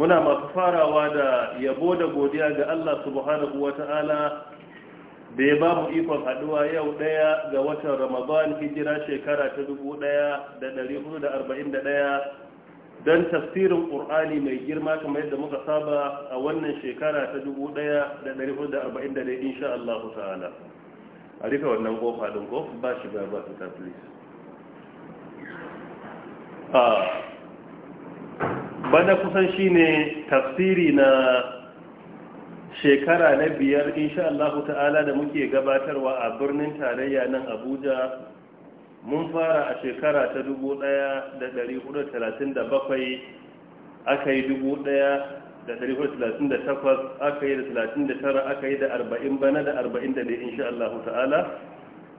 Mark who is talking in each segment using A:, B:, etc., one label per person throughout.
A: muna masu farawa da yabo da godiya ga Allah subhanahu wata'ala
B: da ya ba mu ikon haduwa yau daya ga watan Ramadan hijira shekara ta 1441
A: don tafsirin Qur'ani mai girma kamar yadda muka saba a wannan shekara ta 1441 insha Allah ta'ala a rufe wannan kofa din kofa ba shi ba ba ta please ah. bana kusan shi ne tafsiri na shekara na biyar insha Allah ta'ala da muke gabatarwa a birnin tarayya nan Abuja mun fara a shekara ta 1437 aka yi 1438 aka yi da 39 aka yi da 40 bana da 40 da insha Allah ta'ala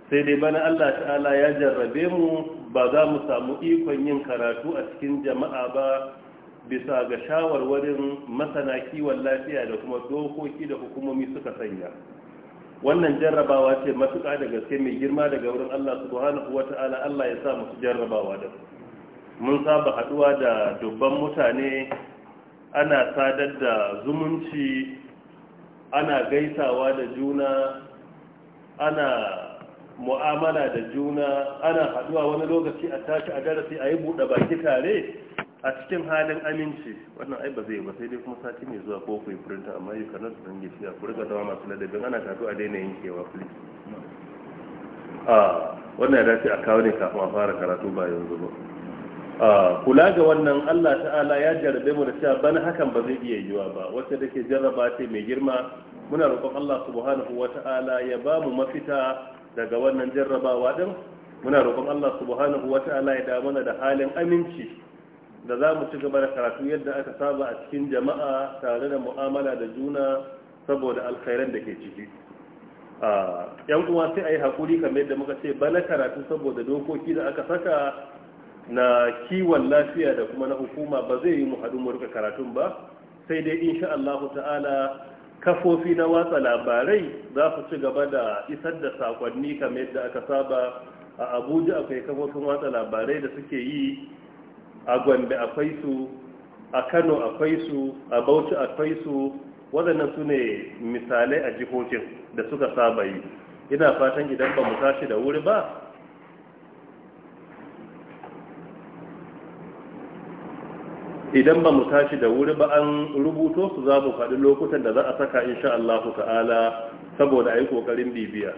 A: sai dai bana Allah ta'ala ya jarrabe mu ba za mu samu ikon yin karatu a cikin jama'a ba bisa ga shawarwarin masana kiwon lafiya da kuma dokoki da hukumomi suka sanya wannan jarrabawa ce matuƙa da gaske mai girma daga wurin Allah subhanahu ta'ala Allah ya sa musu jarrabawa da mun saba haduwa da dubban mutane ana sadar da zumunci ana gaisawa da juna ana mu'amala da juna ana haduwa wani lokaci a tashi a darasi a yi buɗe baki tare a cikin halin aminci wannan ai ba zai ba sai dai kuma sati mai zuwa ko kuwa furinta amma yi kanar su dangi fiya ku rika zama masu ladabin ana tafi a daina yankewa fili. a wannan ya dace a kawo ne kafin a fara karatu ba yanzu ba kula ga wannan allah ta'ala ya jarabe mu da cewa bana hakan ba zai iya yiwa ba wacce da ke jarraba ce mai girma muna roƙon allah subhanahu wa ta'ala ya ba mu mafita daga wannan jarrabawa din muna roƙon allah subhanahu wa ta'ala ya da mana da halin aminci da za mu ci gaba da karatu yadda aka saba a cikin jama'a tare da mu'amala da juna saboda alkhairan da ke ciki yan uwa sai a yi haƙuri kamar yadda muka ce bana karatu saboda dokoki da aka saka na kiwon lafiya da kuma na hukuma ba zai yi mu haɗu mu rika karatun ba sai dai insha Allah ta'ala kafofi na watsa labarai za su ci gaba da isar da sakonni kamar yadda aka saba a Abuja akwai kafofin watsa labarai da suke yi a gombe akwai su a kano akwai su a bauchi akwai su waɗannan su ne misalai a jihohin da suka saba yi ina fatan idan ba mu tashi da wuri ba idan ba mu tashi da wuri ba an rubuto su za mu faɗi lokutan da za a saka insha Allah ta'ala saboda a yi ƙoƙarin bibiya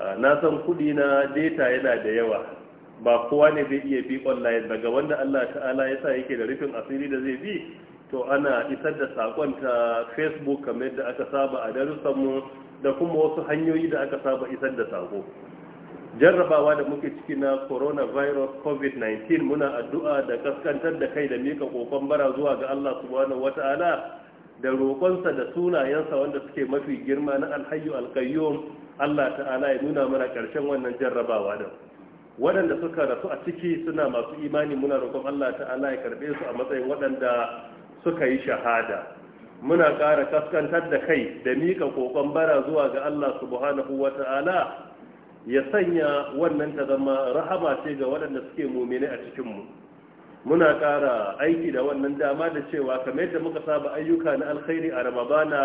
A: ah, na san kuɗi na data yana da yawa ba kowa ne zai iya bi online daga wanda Allah ta'ala ya sa yake da rufin asiri da zai bi to ana isar da sakon ta facebook kamar da aka saba a mu da kuma wasu hanyoyi da aka saba isar da sako jarrabawa da muke ciki na coronavirus covid-19 muna addu'a da kaskantar da kai da mika kokon bara zuwa ga Allah subhanahu wata'ala da roƙonsa da sunayensa wanda suke mafi girma na alhayyu alkayyum Allah ta'ala ya nuna mana ƙarshen wannan jarrabawa da waɗanda suka rasu a ciki suna masu imani muna roƙon Allah ta'ala ya karɓe su a matsayin waɗanda suka yi shahada muna ƙara kaskantar da kai da mika kokon bara zuwa ga Allah subhanahu wa ta'ala ya sanya wannan ta zama rahama ce ga waɗanda suke mumine a cikinmu muna ƙara aiki da wannan dama da cewa kamar yadda muka saba ayyuka na alkhairi a Ramabana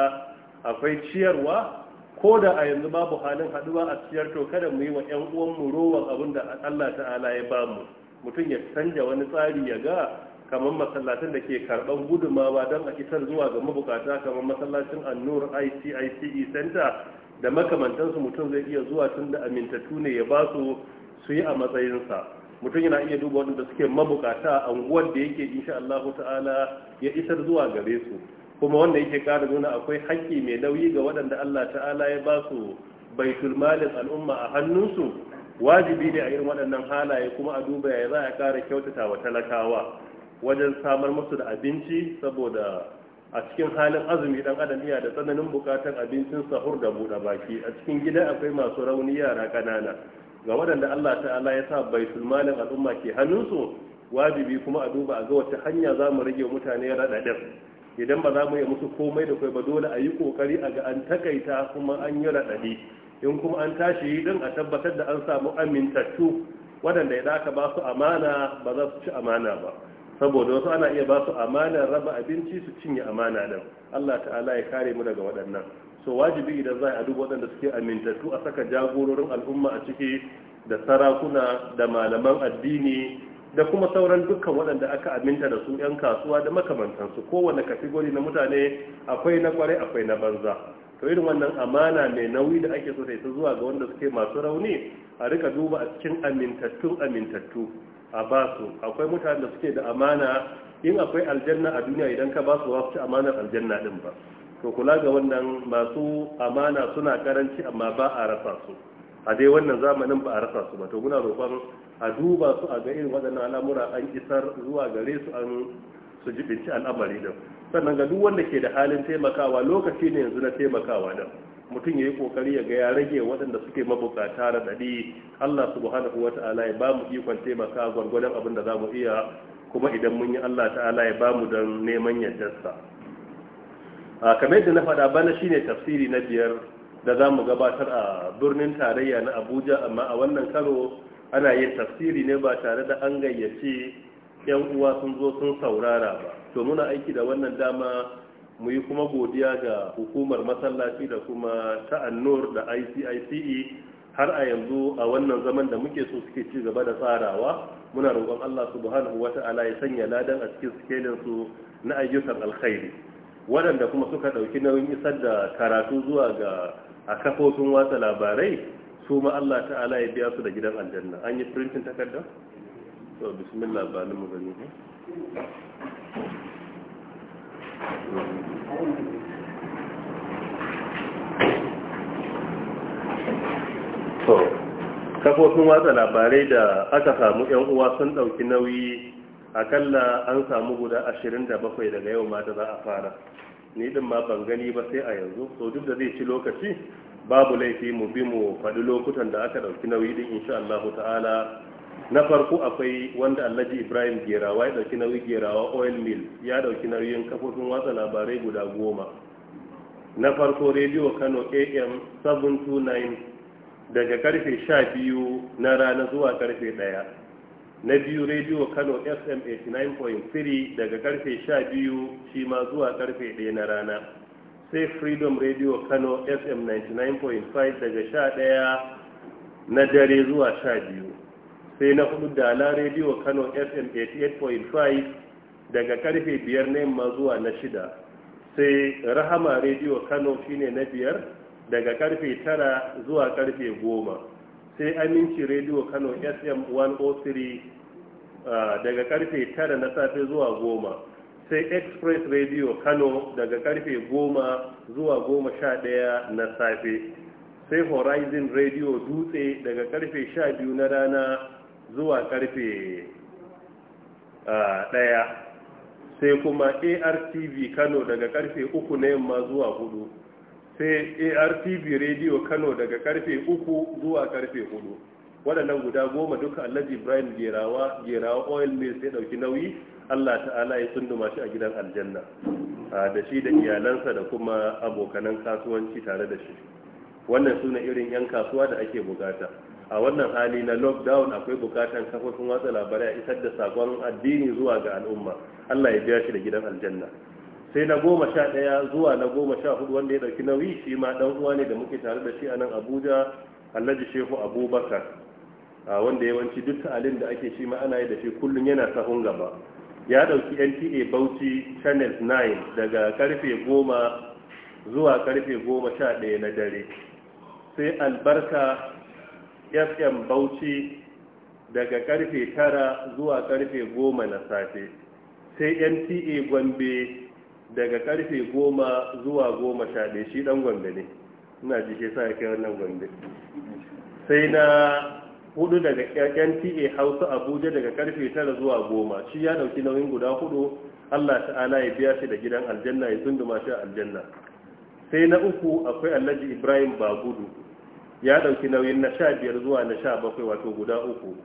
A: akwai ciyarwa ko da a yanzu babu halin haduwa a cikin to kada mu yi wa ƴan uwanmu rowan abin da Allah ta'ala ya ba mu mutum ya canja wani tsari ya ga kamar masallacin da ke karban gudumawa don a isar zuwa ga mabukata kamar masallacin annur ICICE center da makamantansu mutum zai iya zuwa tun da amintattu ne ya ba su su yi a matsayinsa mutum yana iya duba waɗanda suke mabukata a unguwar da yake insha Allah ta'ala ya isar zuwa gare su kuma wanda yake ƙara nuna akwai haƙƙi mai nauyi ga waɗanda Allah ta'ala ya ba su baitul malin al'umma a hannunsu wajibi ne a irin waɗannan halaye kuma a duba ya za a ƙara kyautata wa talakawa wajen samar musu da abinci saboda a cikin halin azumi dan adam iya da tsananin buƙatar abincin sahur da buɗa baki a cikin gida akwai masu rauni yara ƙanana ga waɗanda Allah ta'ala ya sa baitul malin al'umma ke hannunsu wajibi kuma a duba a ga wata hanya za mu rage mutane raɗaɗin idan ba za mu yi musu komai da kai ba dole a yi kokari a ga an takaita kuma an yi raɗaɗi in kuma an tashi yi din a tabbatar da an samu amintattu waɗanda ya aka ba su amana ba za su ci amana ba saboda wasu ana iya ba su amana raba abinci su cinye amana din Allah ta'ala ya kare mu daga waɗannan so wajibi idan za a duba waɗanda suke amintattu a saka jagororin al'umma a ciki da sarakuna da malaman addini da kuma sauran dukkan waɗanda aka aminta da su 'yan kasuwa da makamantansu kowane kategori na mutane akwai na kwarai akwai na banza to irin wannan amana mai nauyi da ake so sai ta zuwa ga wanda suke masu rauni a rika duba a cikin amintattun amintattu a basu akwai mutane da suke da amana in akwai aljanna a duniya idan ka basu ba su ci amanar aljanna din ba to kula ga wannan masu amana suna karanci amma ba a rasa su a dai wannan zamanin ba a rasa su ba to muna roƙon a duba su a ga irin waɗannan al'amura an isar zuwa gare su an su jibinci al'amari da sannan ga duk wanda ke da halin taimakawa lokaci ne yanzu na taimakawa da mutum ya yi kokari ya ga ya rage waɗanda suke mabukata da ɗaɗi allah subhanahu wa ya ba mu ikon taimaka gwargwadon abin da za mu iya kuma idan mun yi allah ta'ala ya ba mu don neman yardarsa kamar yadda na faɗa bana shine tafsiri na biyar da za mu gabatar a birnin tarayya na abuja amma a wannan karo ana yin tafsiri ne ba tare da an gayyace yan uwa sun zo sun saurara ba to muna aiki da wannan dama mu yi kuma godiya ga hukumar masallaci da kuma ta ta'annur da ICICE har a yanzu a wannan zaman da muke so suke ci gaba da tsarawa muna roƙon Allah subhanahu wata'ala ya sanya ladan a cikin skelin su na ayyukan alkhairi waɗanda kuma suka ɗauki nauyin isar da karatu zuwa ga a kafofin watsa labarai su ma Allah ta'ala ya biya su da gidan aljanna an yi printin takarda to bismillah ba magani ne to kafofin watsa labarai da aka samu yan uwa sun dauki nauyi akalla an samu guda 27 daga yau ma da za a fara ni din ma ban gani ba sai a yanzu so duk da zai ci lokaci babu laifi mu bi mu faɗi lokutan da aka ɗauki nauyi din insha Allah ta'ala na farko akwai wanda Alhaji Ibrahim Gerawa ya ɗauki nauyi Gerawa Oil Mill ya ɗauki nauyin kafofin watsa labarai guda goma na farko rediyo Kano AM 729 daga karfe 12 na rana zuwa karfe 1 na biyu rediyo kano fm 89.3 daga karfe 12 shi ma zuwa karfe 1 na rana sai freedom radio kano fm 99.5 daga sha ɗaya na dare zuwa sha biyu sai na hudu dala radio kano fm 88.5 daga karfe biyar na yamma zuwa na shida sai rahama radio kano shine na biyar daga karfe tara zuwa karfe goma sai aminci radio kano fm 103 uh, daga karfe tara na safe zuwa goma. sai express radio kano daga karfe 10 zuwa 11 na safe sai horizon radio dutse daga karfe 12 na rana zuwa karfe 1 sai kuma artv kano daga karfe 3 na yamma zuwa 4 sai artv radio kano daga karfe 3 zuwa karfe 4 waɗannan guda goma duka allaji brian gerawa oil mill sai ɗauki nauyi Allah ta'ala ya tsunduma shi a gidan aljanna da shi da iyalansa da kuma abokanan kasuwanci tare da shi wannan suna irin 'yan kasuwa da ake bukata a wannan hali na lockdown akwai bukatan kafofin watsa labarai a isar da sakon addini zuwa ga al'umma Allah ya biya shi da gidan aljanna sai na goma sha ɗaya zuwa na goma sha hudu wanda ya ɗauki nauyi shi ma ɗan uwa ne da muke tare da shi a nan abuja alhaji shehu abubakar wanda yawanci duk ta'alin da ake shi ma ana yi da shi kullum yana sahun gaba ya dauki nta bauchi channel 9 daga karfe 10 zuwa karfe 11 na dare sai albarka fm bauchi daga karfe 9 zuwa karfe 10 na safe sai nta gombe daga karfe 10 zuwa 11 shi dan gombe ne ina ji ke sa ya kai wannan gombe sai na hudu daga nta hausa abuja daga karfe tara zuwa goma shi ya dauki nauyin guda hudu allah ta'ala ya biya shi da gidan aljanna ya tunduma shi a aljanna sai na uku akwai alhaji ibrahim bagudu ya dauki nauyin na sha biyar zuwa na sha bakwai wato guda uku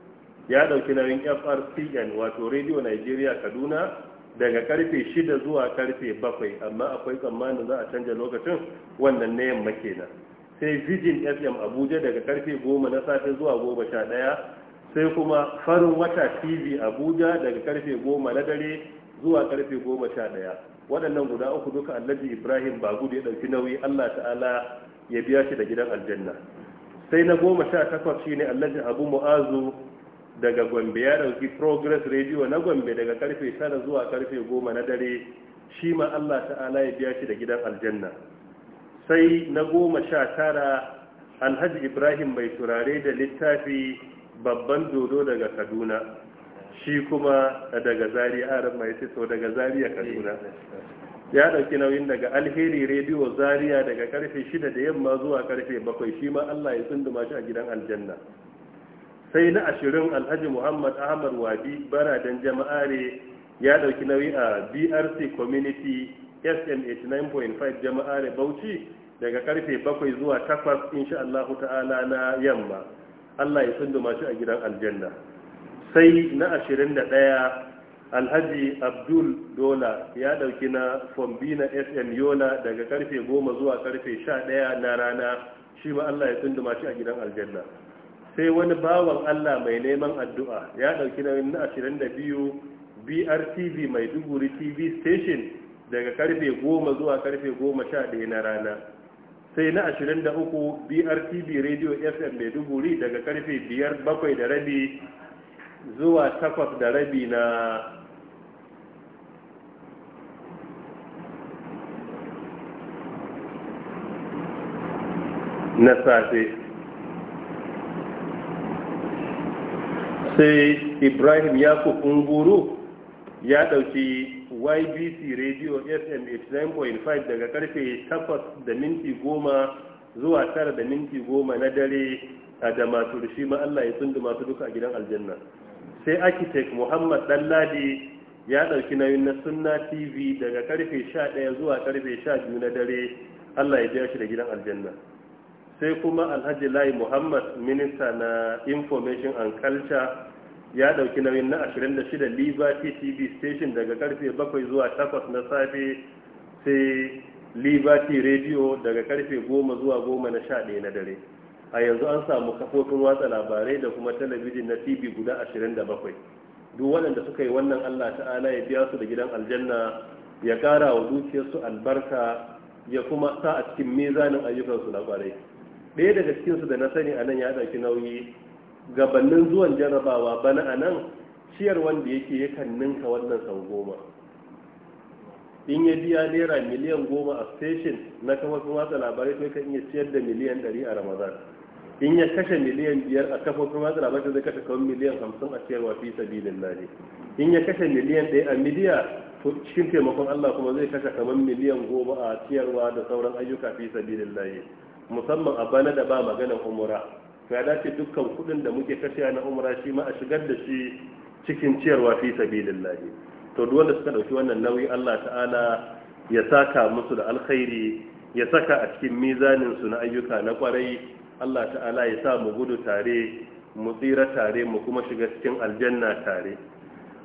A: ya dauki nauyin frcn wato radio nigeria kaduna daga karfe shida zuwa karfe bakwai amma akwai tsammanin za a canja lokacin wannan na yamma kenan sai Vision FM Abuja daga karfe 10 na safe zuwa 11 sai kuma Farin Wata TV Abuja daga karfe 10 na dare zuwa karfe 11 waɗannan guda uku duka Alhaji Ibrahim Bagudu ya ɗauki nauyi Allah ta'ala ya biya shi da gidan aljanna sai na 18 shine Alhaji Abu Mu'azu daga Gombe ya ɗauki Progress Radio na Gombe daga karfe 9 zuwa karfe 10 na dare shi ma Allah ta'ala ya biya shi da gidan aljanna sai na goma sha tara alhaji ibrahim mai turare da littafi babban dodo daga kaduna shi kuma daga zari arab mai sito daga zariya kaduna ya dauki nauyin daga alheri rediyo zariya daga karfe shida da yamma zuwa karfe bakwai shi ma allah ya tsunduma shi a gidan aljanna sai na ashirin alhaji muhammad ahmad wabi baradan jama'are ya dauki nauyi a brc community sm 89.5 jama'a da bauchi daga karfe 7 zuwa 8 insha Allah ta'ala na yamma Allah ya tsunduma shi a gidan aljanna sai na 21 alhaji abdul dola ya dauki na fombina sm yola daga karfe 10 zuwa karfe 11 na rana shi ma Allah ya tsunduma shi a gidan aljanna sai wani bawan Allah mai neman addu'a ya dauki na 22 BRTV duguri TV Station daga karfe 10 zuwa karfe 11 na rana sai na 23 brtb radio fm mai duburi daga karfe 5 da rabi zuwa 8 da rabi na na safe sai ibrahim yakub unguru ya ɗauki ybc radio fm 89.5 daga karfe 8 da minti 10 zuwa 9 da minti 10 na dare a da masu rushi ma Allah ya tundu masu duka a gidan aljanna sai architect muhammad dalladi ya ɗauki nayin na sunna tv daga karfe 11 zuwa karfe 12 na dare Allah ya jiya shi da gidan aljanna sai kuma alhaji lai muhammad minista na information and culture ya dauki nauyin na 26 liberty tv station daga karfe 7 zuwa 8 na safe sai liberty radio daga karfe 10 zuwa 10 na 11 na dare a yanzu an samu kafofin watsa labarai da kuma talabijin na tv guda 27 duk waɗanda suka yi wannan allah ta'ala ya biya su da gidan aljanna ya kara wa dukiyarsu albarka ya kuma sa a cikin mezanin ayyukansu labarai ɗaya daga cikinsu da na sani a nan ya ɗauki nauyi gabanin zuwan jarabawa bana a nan ciyar wanda yake yakan ninka wannan sau goma in ya biya naira miliyan goma a station na kafofin watsa labarai to kan iya ciyar da miliyan ɗari a ramadan in ya kashe miliyan biyar a kafofin watsa labarai zai kashe kawai miliyan hamsin a ciyarwa fi sabilin lahi in ya kashe miliyan ɗaya a midiya to cikin taimakon allah kuma zai kashe kamar miliyan goma a ciyarwa da sauran ayyuka fi sabilin lahi musamman a bana da ba maganar umura ya dace dukkan kudin da muke kashewa na umra shi ma a shigar da shi cikin ciyarwa fi sabilillahi to duk wanda suka dauki wannan nauyi Allah ta'ala ya saka musu da alkhairi ya saka a cikin mizanin su na ayyuka na kwarai Allah ta'ala ya sa mu gudu tare mu tsira tare mu kuma shiga cikin aljanna tare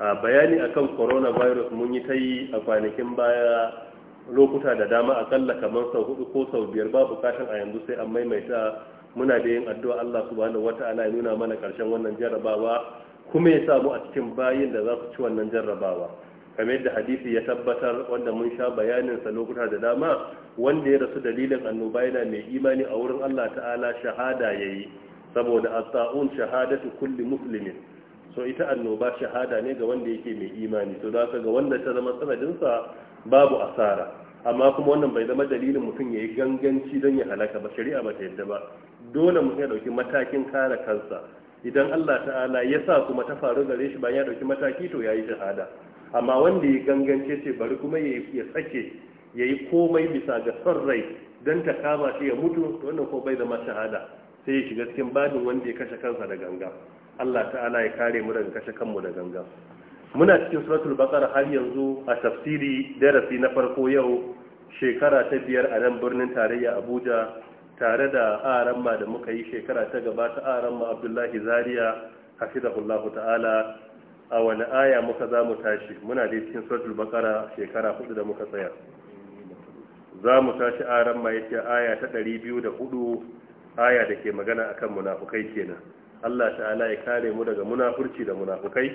A: a bayani akan coronavirus mun yi ta yi a kwanakin baya lokuta da dama akalla kamar sau hudu ko sau biyar babu bukatan a yanzu sai an maimaita muna da yin addu'a Allah subhanahu wata'ala ya nuna mana karshen wannan jarrabawa kuma ya samu a cikin bayin da za su ci wannan jarrabawa kamar yadda hadisi ya tabbatar wanda mun sha bayanin sa lokuta da dama wanda ya rasu dalilin annoba yana mai imani a wurin Allah ta'ala shahada yayi saboda as-sa'un shahadatu kulli muslimin so ita annoba shahada ne ga wanda yake mai imani to za ka ga wanda ta zama sanadinsa babu asara amma kuma wannan bai zama dalilin mutum ya yi ganganci don ya halaka ba shari'a ba ta yadda ba dole mutum ya dauki matakin kare kansa idan Allah ta'ala ya sa kuma ta faru gare shi bayan ya dauki mataki to yayi shahada amma wanda ya gangance ce bari kuma ya ya sake yayi komai bisa ga son rai dan ta kama shi ya mutu to wannan ko bai zama shahada sai ya shiga cikin badin wanda ya kashe kansa da ganga Allah ta'ala ya kare mu daga kashe kanmu da ganga muna cikin suratul baqara har yanzu a tafsiri darasi na farko yau shekara ta biyar a nan birnin tarayya Abuja tare da aramma da muka yi shekara ta gaba gabata aramma abdullahi zaria hafizahullahu ta'ala a wani aya muka za mu tashi muna da cikin suratul bakara shekara hudu da muka tsaya za mu tashi aramma ce aya ta 204 aya da ke magana akan munafukai kenan Allah ta'ala ya kare mu daga munafurci da munafukai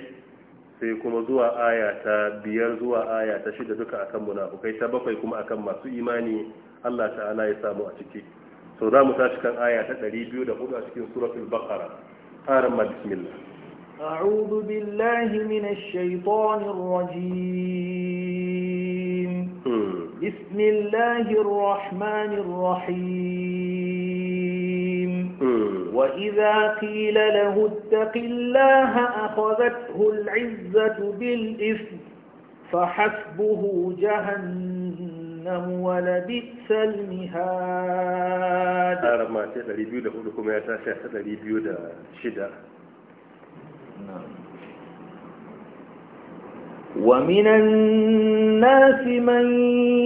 A: sai kuma zuwa aya ta biyar zuwa aya ta shida duka akan munafukai ta bakwai kuma akan masu imani Allah ta'ala ya samu a ciki to za mu tashi kan aya ta 204 a cikin suratul baqara aran ma bismillah
B: أعوذ بالله من الشيطان الرجيم بسم الله الرحمن الرحيم وإذا قيل له اتق الله أخذته العزة بالإثم فحسبه جهنم جهنم ولبئس
A: المهاد أرمى ما تدري بيودة أولكم يا تاسع تدري بيودة شدة نعم ومن
B: الناس من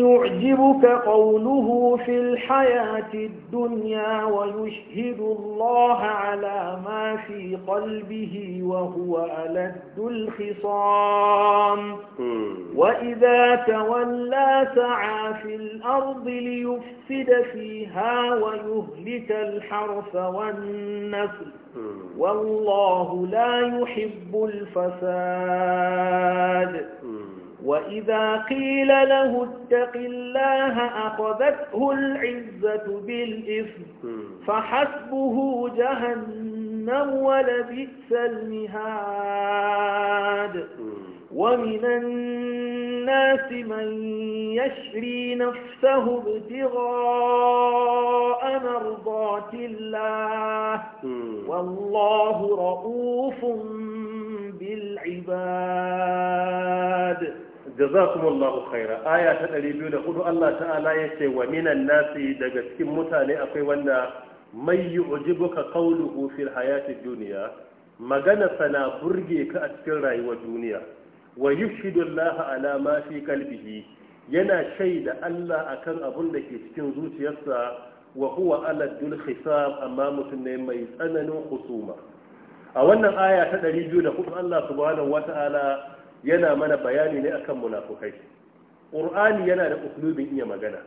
B: يعجبك قوله في الحياة الدنيا ويشهد الله على ما في قلبه وهو ألد الخصام وإذا تولى سعى في الأرض ليفسد فيها ويهلك الحرث والنسل والله لا يحب الفساد وإذا قيل له اتق الله أخذته العزة بالإثم فحسبه جهنم ولبئس المهاد ومن الناس من يشري نفسه ابتغاء مرضات الله والله رؤوف بالعباد
A: جزاكم الله خيرا آية تدريبيو يقول الله تعالى يسي ومن الناس دقت كم متاني أقوي وانا من يعجبك قوله في الحياة الدنيا ما sana burge ka ودنيا wa yushhidu Allah ala ma fi qalbihi yana shaida Allah akan abun da ke cikin zuciyarsa wa huwa ala dul hisab amma mutum ne mai tsananin husuma a wannan aya ta 204 Allah subhanahu wata'ala yana mana bayani ne akan munafukai qur'ani yana da uslubin iya magana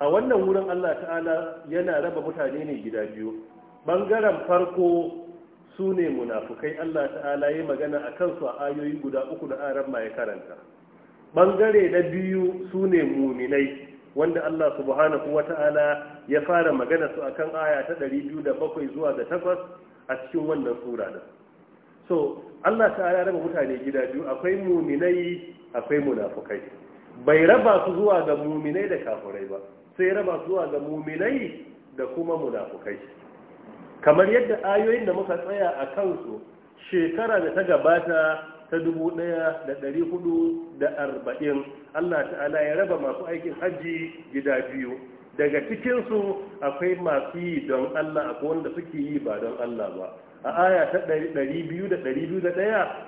A: a wannan wurin Allah ta'ala yana raba mutane ne gida biyu bangaren farko su ne munafukai Allah ta'ala yi magana a kansu a ayoyi guda uku da aran ma ya karanta ɓangare na biyu su ne muminai wanda Allah subhanahu wa ta'ala ya fara magana su akan aya ta 207 zuwa da 8 a cikin wannan sura da so Allah ta'ala raba mutane gida biyu akwai muminai akwai munafukai bai raba su zuwa ga muminai da kafirai ba sai raba su zuwa ga muminai da kuma munafukai kamar yadda ayoyin da muka tsaya a kansu shekara da ta gabata ta da arba'in, Allah ta'ala ya raba masu aikin hajji gida biyu daga cikinsu akwai masu yi don Allah akwai wanda suke yi ba don Allah ba a aya ta 200-201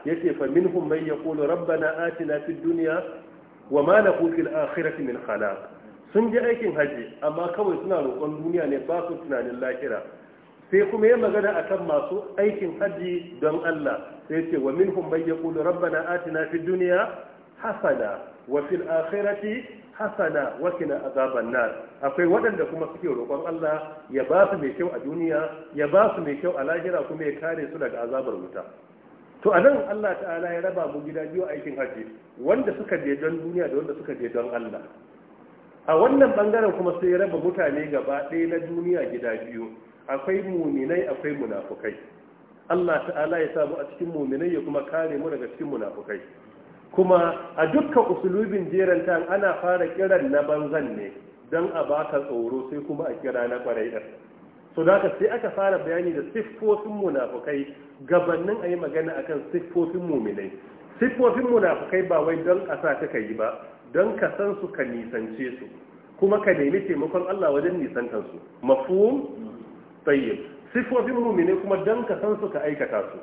A: ya ce fa minhum Rabba na rabbana na fi duniya wa ma na kofin akhirati min khalaq sun ji aikin hajji amma kawai suna roƙon duniya ne ba su tunanin lahira sai kuma yin magana a kan masu aikin hajji don Allah sai ce wa min minhum man na rabbana atina fi duniya hasana wa fil akhirati hasana wa qina azaban nar akwai waɗanda kuma suke roƙon Allah ya ba su mai kyau a duniya ya ba su mai kyau a lahira kuma ya kare su daga azabar wuta to anan Allah ta'ala ya raba mu gida biyu aikin hajji wanda suka je don duniya da wanda suka je don Allah a wannan bangaren kuma sai ya raba mutane gaba ɗaya na duniya gida biyu akwai muminai akwai munafukai Allah ta'ala ya samu a cikin muminai ya kuma kare mu daga cikin munafukai kuma a dukkan usulubin jeran ta ana fara kiran na banzan ne don a baka tsoro sai kuma a kira na kwarai din so da sai aka fara bayani da siffofin munafukai gabanin a yi magana akan siffofin muminai siffofin munafukai ba wai don ƙasa ta yi ba don ka san su ka nisance su kuma ka nemi taimakon Allah wajen nisantar su mafhum tayyib sifofin ne kuma dan ka san su ka aikata su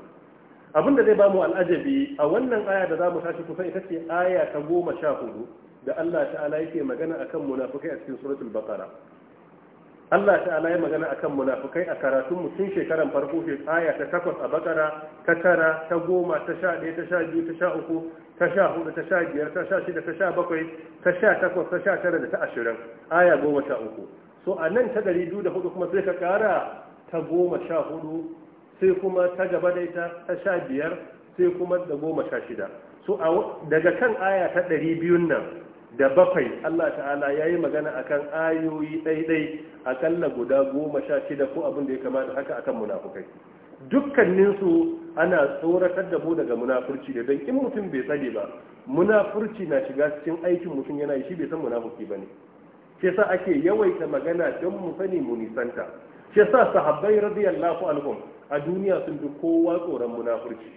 A: abinda zai bamu al'ajabi a wannan aya da zamu tashi kusan ita ce aya ta goma sha hudu da Allah ta'ala yake magana akan munafukai a cikin suratul baqara Allah ta'ala ya magana akan munafukai a karatun tun shekaran farko ke aya ta takwas a bakara ta tara ta goma ta sha ɗaya ta sha biyu ta sha uku ta sha hudu ta sha biyar ta sha shida ta sha bakwai ta sha takwas ta sha tara da ta ashirin aya goma sha uku to a nan ta ɗari biyu da hudu kuma sai ka kara ta goma sha hudu sai kuma ta gaba da ita ta sha biyar sai kuma da goma sha shida so daga kan aya ta ɗari biyun nan da bakwai Allah ta'ala ya yi magana a kan ayoyi ɗaiɗai aƙalla guda goma sha shida ko abin da ya kamata haka akan munafukai dukkaninsu ana tsoratar da mu daga munafurci da don in mutum bai tsari ba munafurci na shiga cikin aikin mutum yana yi shi bai san munafuki ba ne shi sa ake yawaita magana don mu sani mu nisanta shi sa sahabbai radiyallahu anhum a duniya sun fi kowa tsoron munafurci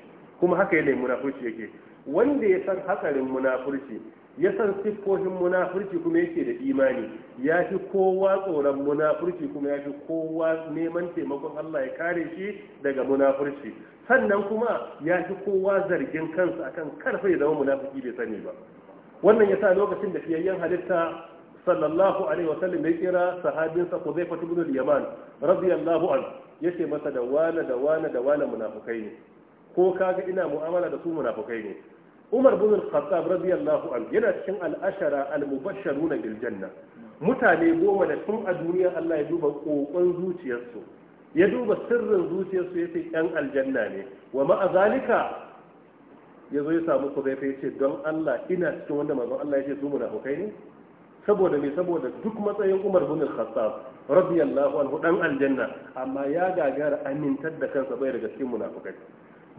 A: kuma haka yanayin munafurci yake wanda ya san hatsarin munafurci ya san siffofin munafurci kuma yake da imani ya fi kowa tsoron munafurci kuma ya fi kowa neman taimakon Allah ya kare shi daga munafurci sannan kuma ya fi kowa zargin kansa akan karfe ya zama munafurci bai sani ba wannan ya sa lokacin da fiyayyen halitta sallallahu alaihi wa sallam ya kira sahabinsa Hudhayfa ibn al-Yaman radiyallahu anhu yace masa da wala da wala da wala munafikai ne ko kaga ina mu'amala da su munafikai ne Umar bin al-Khattab radiyallahu anhu yana cikin al-ashara al-mubashsharuna bil janna mutane goma da tun a duniya Allah ya duba kokon zuciyarsu ya duba sirrin zuciyarsu yace yan aljanna ne wa ma'a zalika yazo ya samu zai yace don Allah ina cikin wanda manzon Allah yace su munafikai ne saboda me saboda duk matsayin Umar bin Al-Khattab radiyallahu anhu dan aljanna amma ya gagara amintar da kansa bai daga cikin munafikai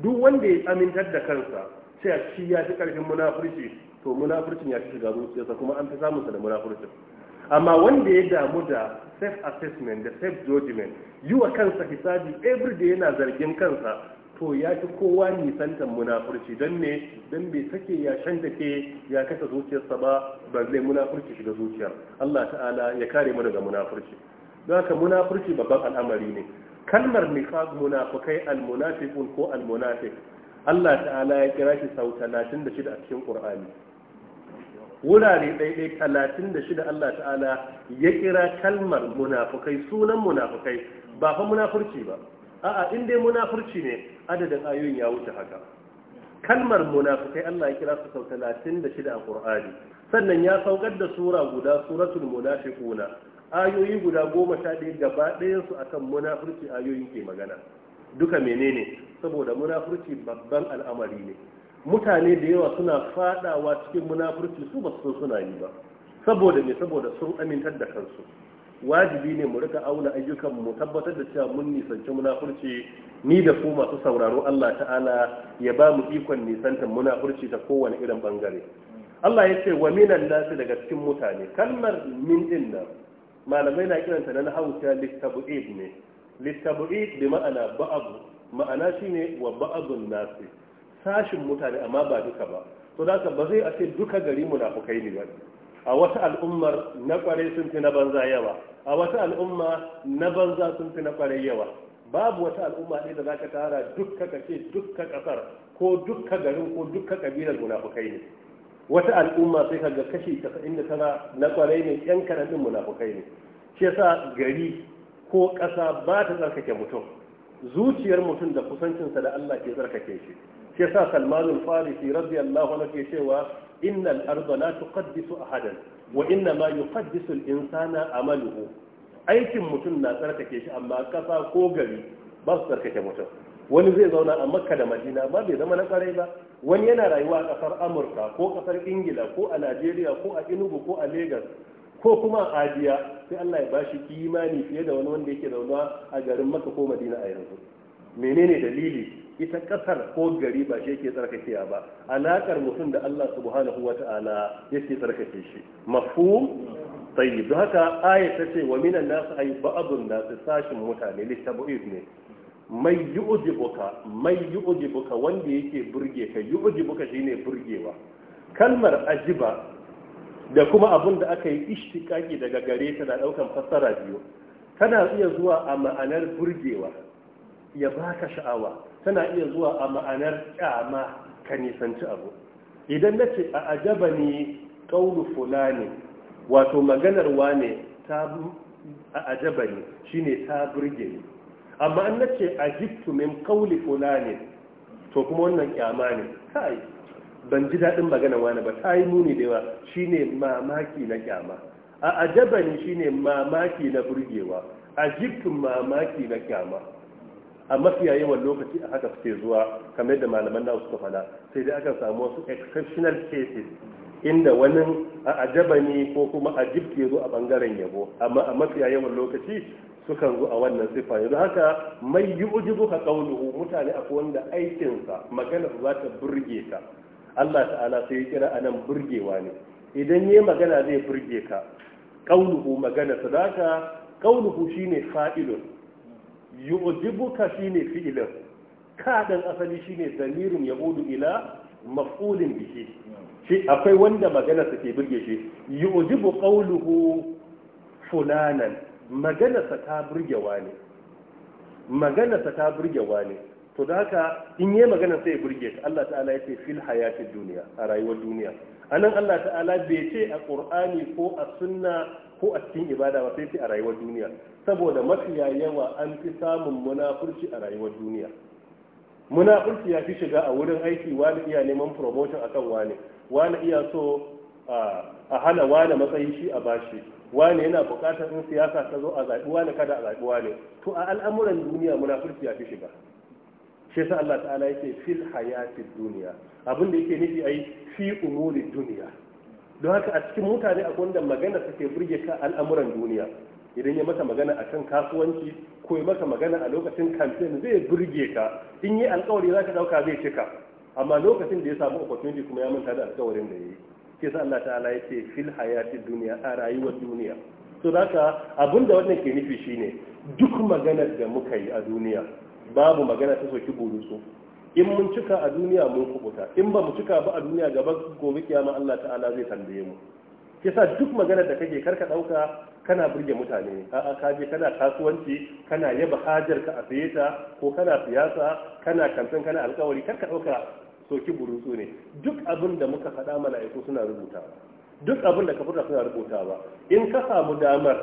A: duk wanda ya amintar da kansa sai ci ya fi karfin munafurci to munafurcin ya fi shiga zuciyarsa kuma an fi sa da munafurcin amma wanda ya damu da self assessment da self judgment yi wa kansa hisabi every day yana zargin kansa to ya fi kowa nisantan munafurci don ne don bai sake ya shanta ke ya kasa zuciyarsa ba ba zai munafurci shiga zuciyar Allah ta'ala ya kare mu daga munafurci don haka munafurci babban al'amari ne kalmar munafukai munafukai almunafiqun ko almunafiq Allah ta'ala ya kira shi sau 36 a cikin Qur'ani wurare ɗaiɗai talatin da shida Allah ta'ala ya kira kalmar munafukai sunan munafukai ba fa munafurci ba a'a in dai munafurci ne adadin ayoyin ya wuce haka kalmar munafikai Allah ya kira su sau 36 a Qur'ani sannan ya saukar da sura guda suratul munafiquna ayoyi guda 11 gaba ɗayan su akan munafurci ayoyin ke magana duka menene saboda munafurci babban al'amari ne mutane da yawa suna fadawa cikin munafurci su ba su suna yi ba saboda me saboda sun amintar da kansu wajibi ne mu rika auna ayyukan mu tabbatar da cewa mun nisanci munafurci ni da ku masu sauraro Allah ta'ala ya ba mu ikon nisantar munafurci ta kowane irin bangare Allah ya ce wa minan nasu daga cikin mutane kalmar min din nan malamai na kiranta na hausa littabu'id ne littabu'id bi ma'ana ba'd ma'ana shine wa ba'dun nasi sashin mutane amma ba duka ba to da ba zai a ce duka gari munafukai ne ba a wata al'ummar na kware sun fi na banza yawa a wata al'umma na banza sun fi na kware yawa babu wata al'umma ne da za ka tara dukka kace dukka kasar ko dukka garin ko dukka kabilar munafukai ne wata al'umma sai ka ga kashi tara na kware ne yan karamin munafukai ne shi yasa gari ko ƙasa ba ta tsarkake mutum zuciyar mutum da kusancinsa da Allah ke tsarkake shi shi yasa salmanul farisi radiyallahu anhu ke cewa innal arda Kaddisu a ahadan wa inna ma yuqaddisu al-insana amaluhu aikin mutum na tsarkake shi amma kasa ko gari ba su tsarkake mutum wani zai zauna a makka da madina ba bai zama na kwarai ba wani yana rayuwa a kasar amurka ko kasar ingila ko a najeriya ko a inugu ko a lagos ko kuma a ajiya sai allah ya bashi imani fiye da wani wanda yake zauna a garin makka ko madina a yanzu menene dalili ita kasar ko gari ba shi yake tsarkakewa ba alakar mutum da Allah subhanahu wa ta'ala yake tsarkake shi mafhum tayyib don haka aya ta ce wa minan nas ay ba'dun nas sashin mutane tabu'id ne mai yu'jibuka mai yu'jibuka wanda yake burge ka yu'jibuka shine burgewa kalmar ajiba da kuma abun da aka yi ishtikaki daga gare ta da daukan fassara biyu tana iya zuwa a ma'anar burgewa ya baka sha'awa tana iya zuwa a ma'anar kyama ka nisanci abu idan na ce a ajaba ne ƙaunu fulani wato maganar ne ta a ajaba ne ne ta burge ni amma an na ce a jiktu min ƙauli fulani to kuma wannan kyama ne kai ban ji daɗin maganar ne ba ta yi muni da yawa shi ne mamaki na kyama a ajaba ne shine mamaki na burgewa a jiktun mamaki na kyama a mafiya yawan lokaci a haka suke zuwa kamar da malaman da suka fada sai dai aka samu wasu exceptional cases inda wani a ajaba ne ko kuma a jibke zo a bangaren yabo amma a mafiya yawan lokaci sukan zo a wannan sifa yanzu haka mai yi ka kauluhu mutane ko wanda aikinsa magana za ta burge ka Allah ta'ala sai ya kira anan burgewa ne idan yi magana zai burge ka kauluhu magana sadaka kauluhu shine fa'ilun yu'jibuka shine fi'ilin ka dan asali shine zamirun yaudu ila maf'ulin bihi shi akwai wanda magana take burge shi yu'jibu qawluhu fulanan magana sa ta burge wani magana sa ta burge wani to da haka in yi magana sai ya burge ka Allah ta'ala ya ce fil hayatid duniya a rayuwar duniya anan Allah ta'ala bai ce a Qur'ani ko a sunna ko a cikin ibada ba sai a rayuwar duniya saboda mafiya yawa an fi samun munafurci a rayuwar duniya munafurci ya fi shiga a wurin aiki wani iya neman promotion akan wani wani iya so a hana wani matsayi shi a bashi wani yana bukatar in siyasa ta zo a zaɓi wani kada a zaɓi wani to a al'amuran duniya munafurci ya fi shiga shi yasa Allah ta'ala yake fil hayatid duniya abin da yake nufi ai fi umuri duniya don haka a cikin mutane a wanda magana ke burge ka al'amuran duniya idan ya maka magana a kan kasuwanci ko ya maka magana a lokacin kamfen zai burge ka in yi alkawari za ka dauka zai cika amma lokacin da ya samu opportunity kuma ya manta da alkawarin da ya yi ke sa Allah ta'ala ya ce fil hayati duniya a rayuwar duniya so haka abin da wannan ke nufi shine duk maganar da muka yi a duniya babu magana ta soki burusu in mun cika a duniya mun kubuta in ba mu cika ba a duniya gaba gobe kiyama Allah ta'ala zai tambaye mu sa duk maganar da kake karka dauka kana burge mutane a'a ka kana kasuwanci kana yaba hajar ka a saye ta ko kana siyasa kana kamfen kana alkawari karka dauka soki burutsu ne duk abin da muka faɗa mala'iku suna rubuta. duk abin da ka furta suna rubutawa in ka samu damar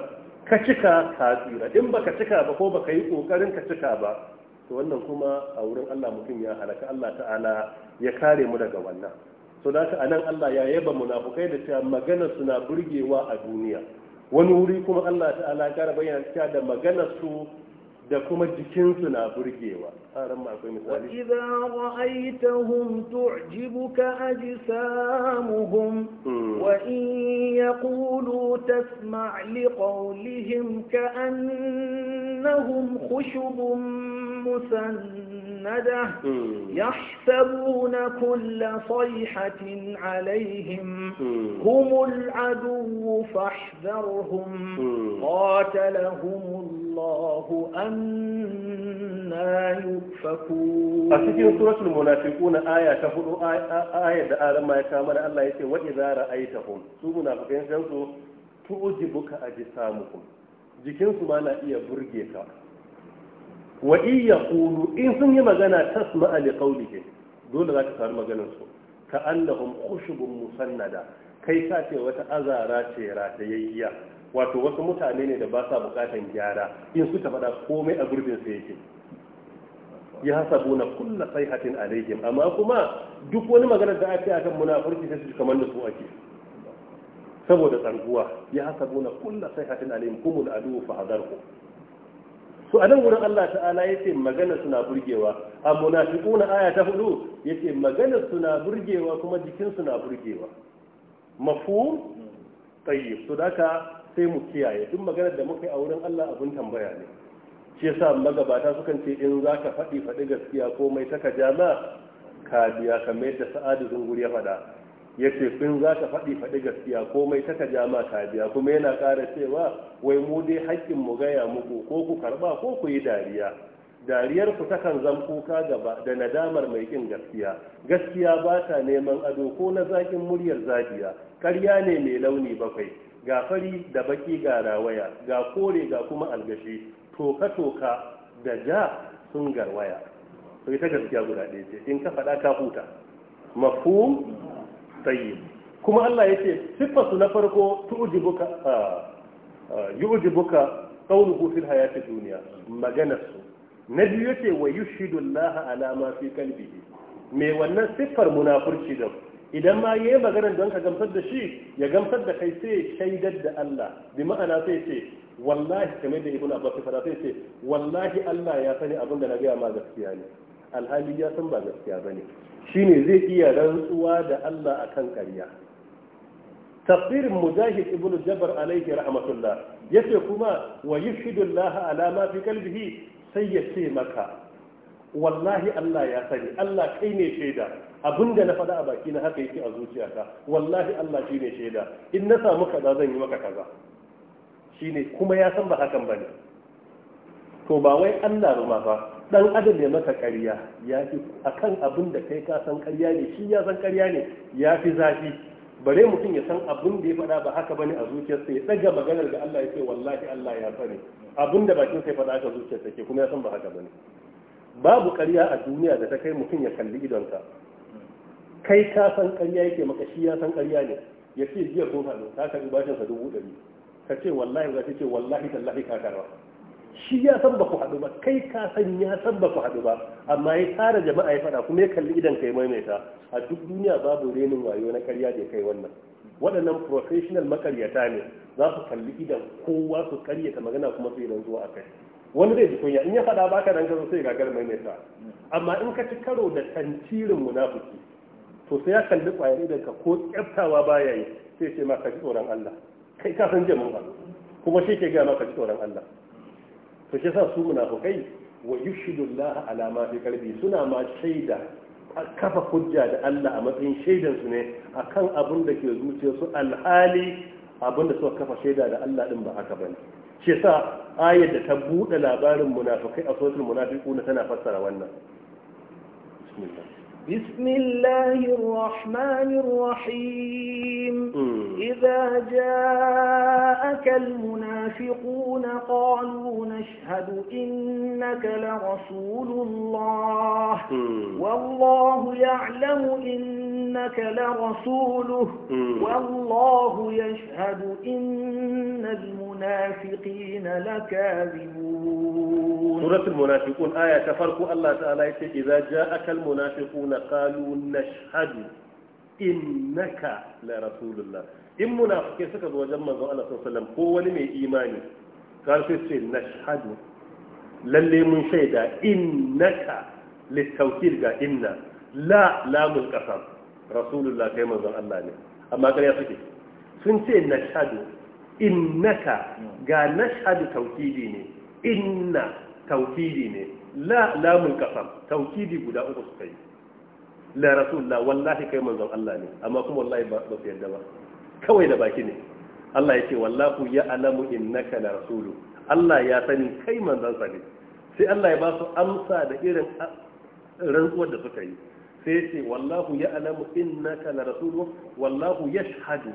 A: ka cika ka tsira in baka cika ba ko baka yi kokarin ka cika ba to wannan kuma a wurin Allah mutum ya halaka Allah ta'ala ya kare mu daga wannan so da a nan Allah ya yaba munafukai da cewa magana suna burgewa a duniya wani wuri kuma Allah ta'ala ya kara bayyana cewa da maganar su da kuma jikinsu na burgewa tsarin akwai misali
B: idza ra'aitahum tu'jibuka ajsamuhum wa in yaqulu tasma' li qawlihim ka'annahum khushubun musannada yahsabuna kulla sayhatin alayhim hum al'adu fahdharhum qatalahum Allah an
A: a cikin suratul munafiquna aya ta hudu Aya da arama ya kama da Allah yace wa idza ra'aytahum su munafiqun sai su tu'jibuka ajsamukum jikin su ma na iya burge ka wa in yaqulu in sun yi magana tasma'a li qawlihi dole za ka samu maganar su ka annahum khushubun musannada kai ka ce wata azara ce yayya wato wasu mutane ne da ba sa bukatan gyara in suka faɗa komai a gurbin sa yake ya hasabu na kulla sayhatin alaihim amma kuma duk wani magana da ake akan munafurci sai su kamar da su ake saboda tsanguwa ya hasabu na kulla sayhatin alaihim kumul adu fa hadarhu to a nan wurin Allah ta'ala ya ce magana suna burgewa a munafiquna aya ta hudu ya ce magana suna burgewa kuma jikinsu na burgewa mafhum tayyib to daka sai mu kiyaye duk maganar da muka yi a wurin Allah abin tambaya ne shi yasa magabata sukan ce in za ka faɗi faɗi gaskiya ko mai taka jama ka biya kamar yadda sa'adu zungur ya faɗa ya ce in za ka faɗi faɗi gaskiya ko mai taka jama ka biya kuma yana ƙara cewa wai mu dai haƙƙin mu gaya muku ko ku karɓa ko ku yi dariya dariyar ku takan zan kuka gaba da nadamar mai kin gaskiya gaskiya ba ta neman ado ko na zaƙin muryar zabiya ƙarya ne mai launi bakwai ga fari da baki ga rawaya ga kore ga kuma algashi toka-toka da ja sun garwaya sai ta gaskiya guda ɗaya ce in ka faɗa ka huta Mafu, tsaye. kuma Allah ya yace sifatu na farko uji buka tsawon hutun hayati duniya, maganarsu na biyu ce wa yi Allah alama fi kalbihi me wannan siffar munafurci da idan ma yayi maganar don ka gamsar da shi ya gamsar da kai sai shaidar da Allah bi ma'ana sai ce wallahi kame da ibnu abbas fara sai ce wallahi Allah ya sani abin da na ga ma gaskiya ne alhali ya san ba gaskiya bane shine zai iya rantsuwa da Allah akan ƙarya tafsirin mujahid ibnu jabr alaihi rahmatullah yace kuma wa yushhidu Allah ala ma fi kalbihi sai ya ce maka wallahi Allah ya sani Allah kai ne shaida abinda na faɗa a baki na haka yake a zuciyarka wallahi Allah shine shaida in na samu kaza zan yi maka kaza shine kuma ya san ba hakan bane to ba wai Allah ba ba dan adam ne maka ƙarya ya fi akan abin da kai ka san ƙarya ne shi ya san ƙarya ne ya fi zafi bare mutum ya san abin da ya faɗa ba haka bane a zuciyarsa ya daga maganar da Allah ya ce wallahi Allah ya sani abin da bakin sai faɗa haka zuciyarsa ke kuma ya san ba haka bane babu ƙarya a duniya da ta kai mutum ya kalli idonka kai ka san ƙarya yake maka shi ya san ƙarya ne ya ce jiya ko haɗu ka karɓi bashin sa dubu ɗari ka ce wallahi ba ta ce wallahi tallahi ka karɓa shi ya san ba ku haɗu ba kai ka san ya san ba ku haɗu ba amma ya tsara jama'a ya faɗa kuma ya kalli idan kai maimaita a duk duniya babu renin wayo na ƙarya da kai wannan waɗannan professional makaryata ne za su kalli idan kowa su karyata magana kuma su yi zuwa a kai wani zai ji kunya in ya faɗa baka nan ka zo sai gagar maimaita amma in ka ci karo da tantirin munafuki to sai ya kalli ƙwayar idan ka ko tsaftawa baya yi sai ce ma ka ji tsoron Allah kai ka san jama'a kuma shi ke ga ma ka ji tsoron Allah to shi yasa su hukai wa yushidu ala ma fi qalbi suna ma shaida kafa hujja da Allah a matsayin shaidan su ne akan abin da ke zuciyarsu alhali abin da suka kafa shaida da Allah din ba haka bane shi yasa ayar da ta buɗe labarin munafikai a munafiku na tana fassara wannan
B: bismillah بسم الله الرحمن الرحيم إذا جاءك المنافقون قالوا نشهد إنك لرسول الله والله يعلم إنك لرسوله والله يشهد إن المنافقين لكاذبون سورة
A: المنافقون آية تفرق الله تعالى إذا جاءك المنافقون qalu nashhadu innaka la rasulullah in munafike suka zo wajen manzon Allah sallallahu alaihi wasallam ko wani mai imani kar sai ce nashhadu lalle mun shaida innaka litaukid ga inna la lamul qasam rasulullah kai manzon Allah ne amma kar ya suke sun ce nashhadu innaka ga nashhadu taukidi ne inna taukidi ne la lamul qasam taukidi guda uku suka yi la rasulullah wallahi kai manzon Allah ne amma kuma wallahi ba su yadda ba kawai da baki ne Allah ya ce wallahu ya'lamu innaka la rasulu Allah ya sani kai manzon sa ne sai Allah ya ba su amsa da irin rantsuwar da suka yi sai ya ce wallahu ya'lamu innaka la rasulu wallahu yashhadu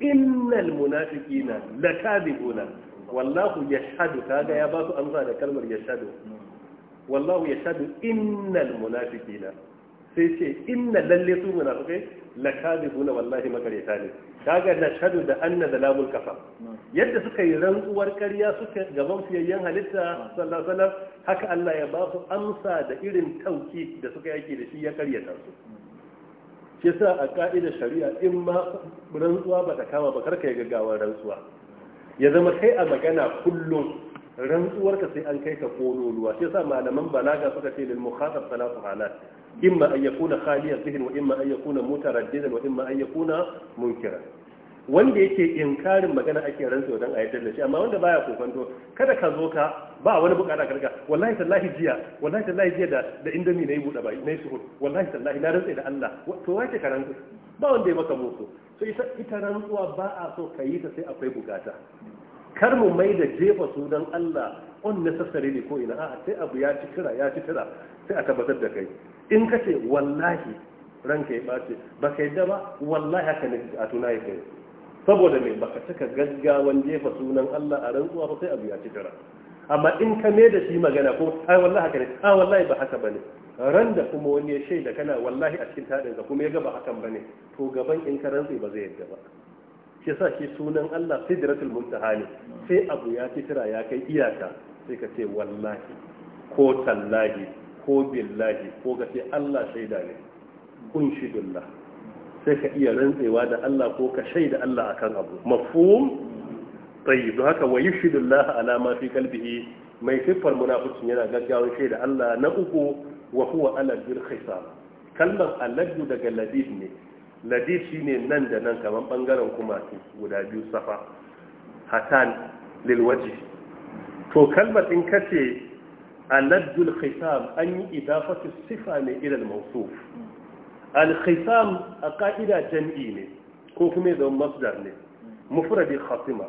A: innal munafiqina lakadibuna wallahu yashhadu kaga ya ba su amsa da kalmar yashhadu wallahu yashhadu innal munafiqina sai ce inna lalle su munafiqai suna wallahi makareta ne kaga shadu da anna zalamul kafa yadda suka yi rantsuwar karya suka gaban fiyayyen halitta sallallahu haka Allah ya ba su amsa da irin tauki da suka yake da shi ya karyata su shi sa a ka'idar shari'a in ma rantsuwa ba ta kama ba karka ya gaggawar rantsuwa ya zama kai a magana kullum rantsuwarka sai an kai ka kononuwa shi sa malaman balaga suka ce lil mukhatab salatu halat imma an yakuna khaliyan zihin wa imma an yakuna mutaraddidan wa imma an yakuna munkiran wanda yake inkarin magana ake rantsa don ayatar da shi amma wanda baya kokanto kada ka zo ka ba wani bukata karka wallahi tallahi jiya wallahi tallahi jiya da da indomi nayi buɗe bai nayi suhur wallahi tallahi na rantsa da Allah to wace ka rantsa ba wanda ya maka musu so ita ita rantsuwa ba a so ka yi ta sai akwai bukata kar mu mai da jefa su don Allah on sassare ne ko ina a'a sai abu ya ci tira ya ci tira sai a tabbatar da kai in ka ce wallahi ranka ya bace ba ka yadda ba wallahi haka ne a tuna ya kai saboda mai baka cika gaggawan jefa sunan Allah a rantsuwa ba sai abu ya ci tira amma in ka me da shi magana ko ai wallahi haka ne a wallahi ba haka bane ran da kuma wani ya shaida kana wallahi a cikin tadin ka kuma ya ga ba hakan bane to gaban in ka rantsi ba zai yadda ba shi sa shi sunan Allah sidratul muntaha ne sai abu ya fitira ya kai iyaka sai ka ce wallahi ko tallahi ko billahi ko ka ce Allah shaida ne kun sai ka iya rantsewa da Allah ko ka shaida Allah akan abu mafhum tayyib haka wa yushidullah ala ma fi kalbihi? mai siffar munafucin yana gaggawa shaida Allah na uku wa huwa ala bil khisab kallan aladu daga ladid ne ladid shine nan da nan kamar bangaren kumaki guda biyu safa hatan lil wajhi to kalmar in kace aladdul khisam an yi idafatu sifa ne ila al-mawsuf al-khisam a ka'ida jam'i ne ko kuma zama masdar ne mufradi khatima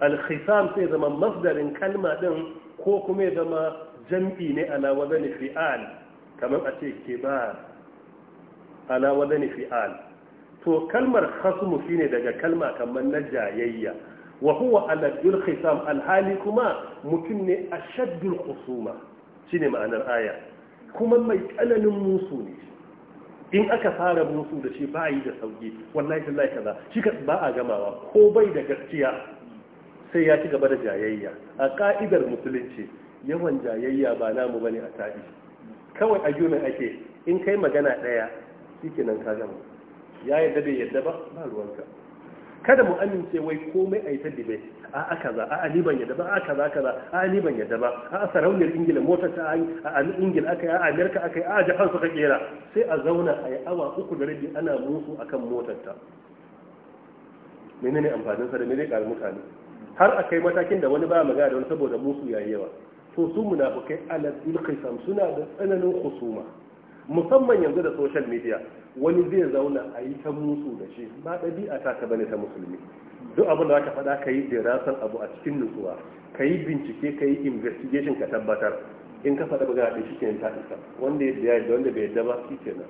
A: al-khisam sai zama masdarin kalma din ko kuma zama jam'i ne ala wazani fi'al kamar a ce kibar ala wazani fi'al to kalmar khasmu shine daga kalma kamar na jayayya wa huwa ala khisam alhali kuma mutum ne ashaddul khusuma shine ma'anar aya kuma mai tsananin musu ne in aka fara musu da shi ba yi da sauki wallahi tallahi kaza shi ka ba a gamawa ko bai da gaskiya sai ya ci gaba da jayayya a ka'idar musulunci yawan jayayya ba namu bane a tabi kawai a argument ake in kai magana daya shikenan ka gama ya yadda bai yadda ba ba ruwanka kada mu amince wai komai a yi ta dibe a aka za a aliban yadda ba a kaza kaza a aliban yadda ba a sarauniyar ingila mota ta yi a ingila aka yi a amerika aka yi a japan suka kera sai a zauna a yi awa uku da rabi ana musu a kan motar ta menene amfanin sa da menene ƙarar mutane har a kai matakin da wani ba magana da wani saboda musu yayi yawa to su munafukai alal ilqisam suna da tsananin husuma musamman yanzu da social media wani zai zauna a yi ta musu da shi ba ɗabi'a ta ta bane ta musulmi duk abin da aka faɗa ka yi dirasar abu a cikin nutsuwa ka yi bincike ka yi investigation ka tabbatar in ka faɗa da shi ke ta isa wanda ya yarda wanda bai yarda ba shikenan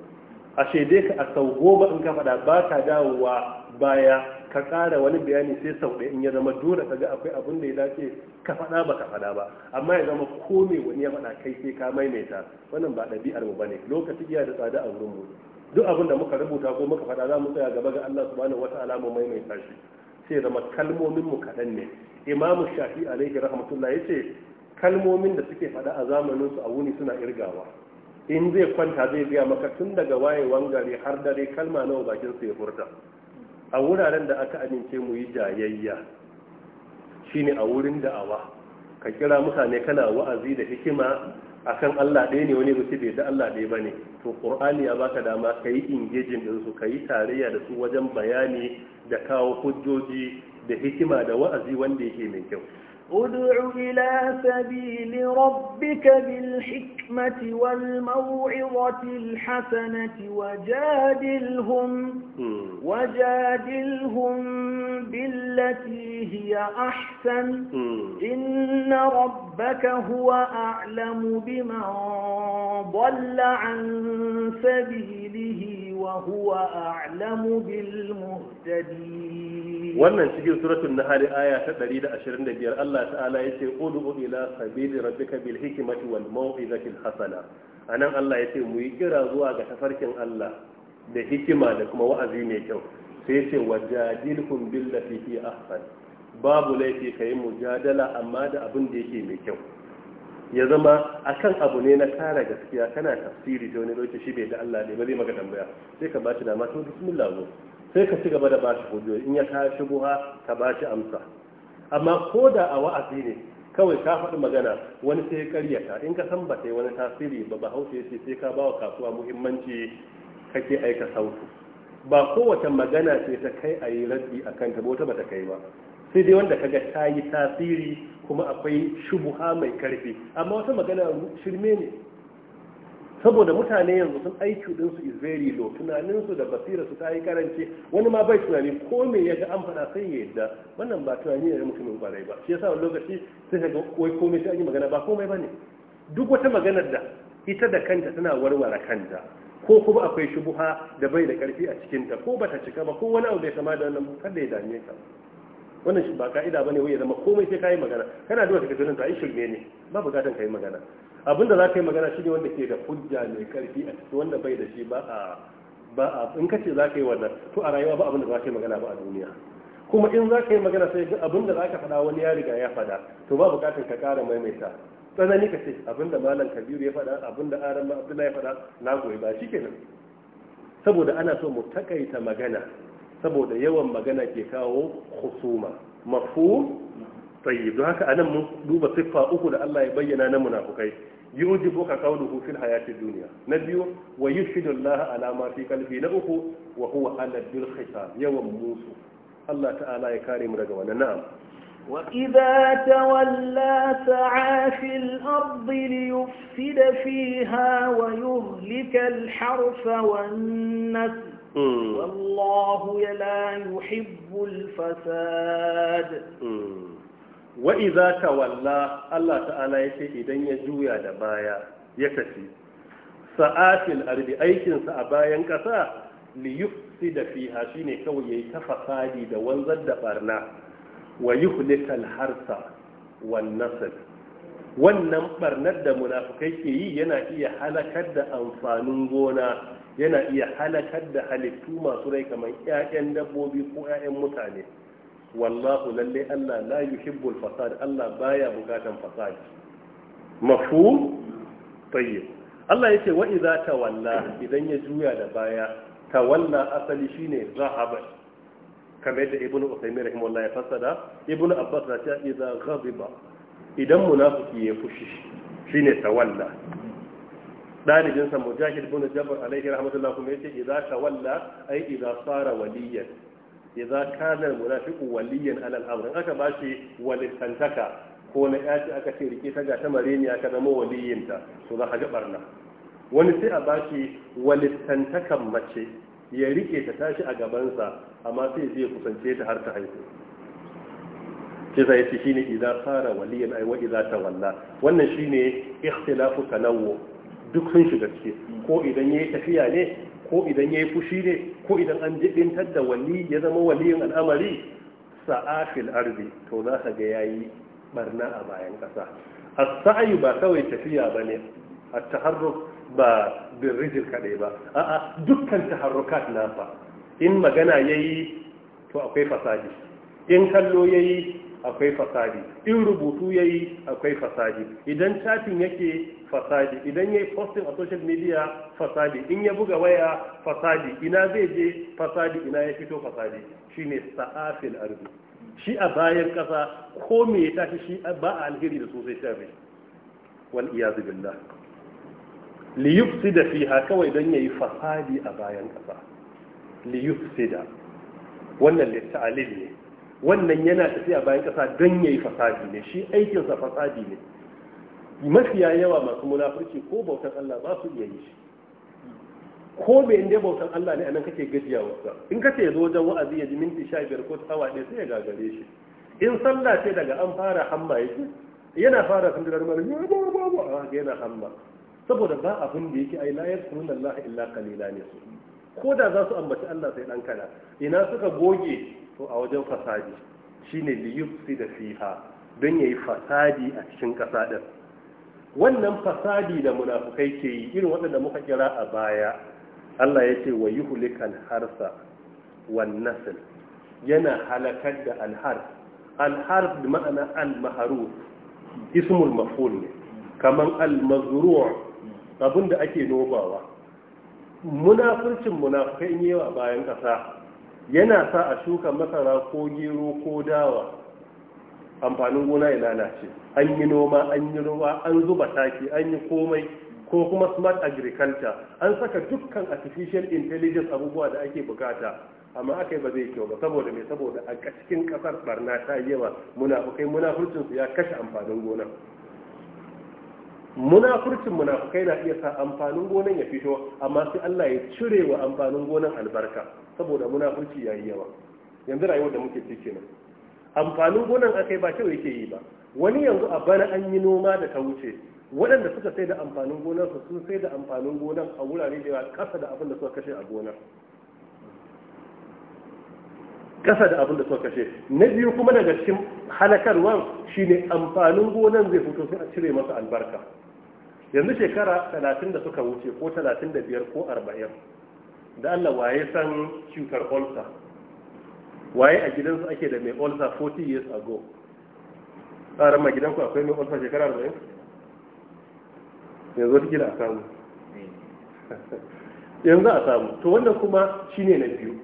A: a shaide ka a sau goma in ka faɗa ba ta dawowa baya ka ƙara wani bayani sai sau ɗaya in ya zama dole ka ga akwai abin da ya dace ka faɗa ba ka faɗa ba amma ya zama ko mai wani ya faɗa kai sai ka maimaita wannan ba ɗabi'ar mu bane lokaci iya da tsada a wurin mu duk abin da muka rubuta ko muka faɗa za mu tsaya gaba ga Allah subhanahu wata'ala mu maimaita shi sai zama kalmomin mu kaɗan ne imamu shafi alaihi rahmatullah yace kalmomin da suke faɗa a zamanin su a wuni suna irgawa in zai kwanta zai biya maka tun daga wayewan gari har dare kalma nawa bakin su ya furta a wuraren da aka amince mu yi jayayya shine a wurin da'awa ka kira mutane kana wa'azi da hikima akan Allah ɗaya ne wani mutum bai da Allah ɗaya bane to ƙur'ani ya baka dama ka yi ingejin ɗinsu su yi tarayya da su wajen bayani da kawo hujjoji da hikima da wa'azi wanda yake mai kyau
B: ادع إلى سبيل ربك بالحكمة والموعظة الحسنة وجادلهم وجادلهم بالتي هي أحسن إن ربك هو أعلم بمن ضل عن سبيله وهو أعلم بالمهتدين wannan
A: cikin suratul nahl aya ta 125 Allah ta'ala yace ud'u ila sabili rabbika bil hikmati wal mau'izati hasana anan Allah yace mu yi kira zuwa ga tafarkin Allah da hikima da kuma wa'azi mai kyau sai yace wajadilhum billati fi ahsan babu laifi kai mujadala amma da abin da yake mai kyau ya zama a kan abu ne na kara gaskiya kana tafsiri ta wani lokaci bai da Allah ne ba zai maka tambaya sai ka ba shi dama to bismillah zo sai ka ci gaba da ba shi hujjoji in ya kawo buha ka ba amsa amma ko da a wa'azi ne kawai ka faɗi magana wani sai ya karyata in ka san ba sai wani tasiri ba ba haushe ce sai ka ba wa kasuwa muhimmanci kake aika sautu ba kowace magana ce ta kai a yi raddi a kanta ba ba ta kai ba sai dai wanda kaga ta yi tasiri kuma akwai shubuha mai karfi amma wata magana shirme ne saboda mutane yanzu sun aiki dinsu is very low tunaninsu da basira su ta yi karanci wani ma bai tunani ko me ya ga an fada sai yadda wannan ba tunani ne mutumin kwarai ba shi yasa wani lokaci sai ga wai komai sai an yi magana ba komai ba ne duk wata maganar da ita da kanta tana warware kanta ko kuma akwai shubuha da bai da karfi a cikinta ko bata cika ba ko wani abu bai sama da wannan kada ya dame ka wannan shi ba ka'ida bane wai ya zama komai sai kai magana kana duba daga tunan ta ai shirme ne ba bukatan kai magana abinda za ka yi magana shine wanda ke da hujja mai karfi a cikin wanda bai da shi ba a ba a in kace za ka yi wannan to a rayuwa ba abinda za ka yi magana ba a duniya kuma in za ka yi magana sai ga abinda za ka faɗa wani ya riga ya faɗa to ba bukatan ka ƙara maimaita tsanani ka ce abinda malam kabiru ya faɗa abinda aran abdullahi ya faɗa na goyi ba shikenan saboda ana so mu takaita magana saboda yawan magana ke kawo husuma mafu tayyib don haka anan mun duba siffa uku da Allah ya bayyana na munafukai yujibu ka qawluhu fil hayati dunya na biyu wa yushidu Allah ala ma fi qalbi na uku wa huwa ala bil khitab yawan musu Allah ta'ala ya kare mu daga wannan na'am
B: وإذا تولى سعى في الأرض ليفسد فيها ويهلك الحرث والنسل والله لا يحب الفساد
A: wa iza tawalla Allah ta'ala ya ce idan ya juya da baya ya tafi sa'atil ardi aikinsa a bayan ƙasa li yufsi da fiha shine kawai yayi ta fasadi da wanzar da barna wa yuhlikal harsa wan nasl wannan ɓarnar da munafikai ke yi yana iya halakar da amfanin gona yana iya halakar da halittu masu rai kamar 'ya'yan dabbobi ko 'ya'yan mutane wallahu lalle Allah la yuhibbul fasad Allah baya bukatan fasad mafhum tayyib Allah yace wa idza tawalla idan ya juya da baya tawalla asali shine zahaba kamar da ibnu usaymin rahimahullah ya fassara ibnu abbas ya ce idza ghadiba idan munafiki ya fushi shine tawalla dalibin sa mujahid ibn jabr alaihi rahmatullah kuma yace idza tawalla ai idza sara waliyan idza kana almunafiqu waliyan ala al-amr aka bashi walisantaka ko na yaci aka ce rike ta ga ta mareniya ka zama waliyinta to za ka ga barna wani sai a bashi walitantakan mace ya rike ta tashi a gabansa amma sai zai kusance ta har ta haihu ce sai shi shine idza sara waliyan ai wa idza tawalla wannan shine ikhtilafu tanawwu duk sun shiga ciki ko idan yayi tafiya ne ko idan yayi fushi ne ko idan an jibintar da wali ya zama waliyin al'amari sa'afil ardi to za ka ga yayi barna a bayan ƙasa as-sa'i ba kawai tafiya bane at-taharruk ba birrijil kadai ba a'a dukkan taharrukat fa in magana yayi to akwai fasadi in kallo yayi akwai fasadi in rubutu ya yi akwai fasadi idan chatin yake fasadi idan ya yi posting a social media fasadi in ya buga waya fasadi ina zai je fasadi ina ya fito fasadi ne sa'afin arzi shi a bayan kasa ko me ya tashi shi ba a alheri da sosai sharri wal iyazu billah li yufsida fiha kawai dan yayi fasadi a bayan ƙasa. li yufsida wannan litta'alil ne wannan yana tafiya bayan ƙasa don ya yi fasadi ne shi aikinsa fasadi ne mafiya yawa masu munafurci ko bautan Allah ba su iya yi shi ko bai inda bautan Allah ne anan kake gajiya wasa in kace ya zo wajen wa'azi ya ji minti biyar ko awa ɗaya sai ya gagare shi in sallah ce daga an fara hamma ya ce yana fara sundurar mara ya ba ba ba a yana hamma saboda ba abin da yake ai la yasrun Allah illa kalila ne su ko da za su ambaci Allah sai dan kana ina suka goge a wajen fasadi shine liyufsi da fiha don yayi fasadi a cikin ƙasa din wannan fasadi da munafukai ke yi irin waɗanda muka kira a baya Allah ya ce wa yuhlikal harsa wan nasl yana halakar da alhar, alhar da ma'ana al-mahruf ismul maf'ul ne kaman al-mazru' abinda ake nobawa munafukai yi yawa bayan ƙasa yana sa a shuka masara ko gero ko dawa amfanin gona ya lalace an yi noma an yi ruwa an zuba taki an yi komai ko kuma smart agriculture an saka dukkan artificial intelligence abubuwa da ake bukata amma aka yi ba zai kyau ba saboda mai saboda a cikin kasar barna ta yawa munafukai munafurcin su ya kashe amfanin gona munafurcin munafukai na iya sa amfanin gonan ya fito amma sai Allah ya cire wa amfanin gonan albarka saboda munafurci yayi yawa yanzu rayuwar da muke ciki kenan amfanin gonan akai ba kyau yake yi ba wani yanzu a bana an yi noma da ta wuce waɗanda suka sai da amfanin gonar su sun sai da amfanin gonar a wurare da yawa kasa da abin da suka kashe a gonar kasa da abin da suka kashe na biyu kuma daga cikin halakarwan shine amfanin gonan zai fito sai a cire masa albarka yanzu shekara 30 da suka wuce ko 35 ko 40 da Allah waye san cutar ulcer waye a gidansu ake da mai ulcer 40 years ago tsarin ma gidanku akwai mai ulcer shekara 40 yanzu wata gida a samu yanzu a samu to wanda kuma shine na biyu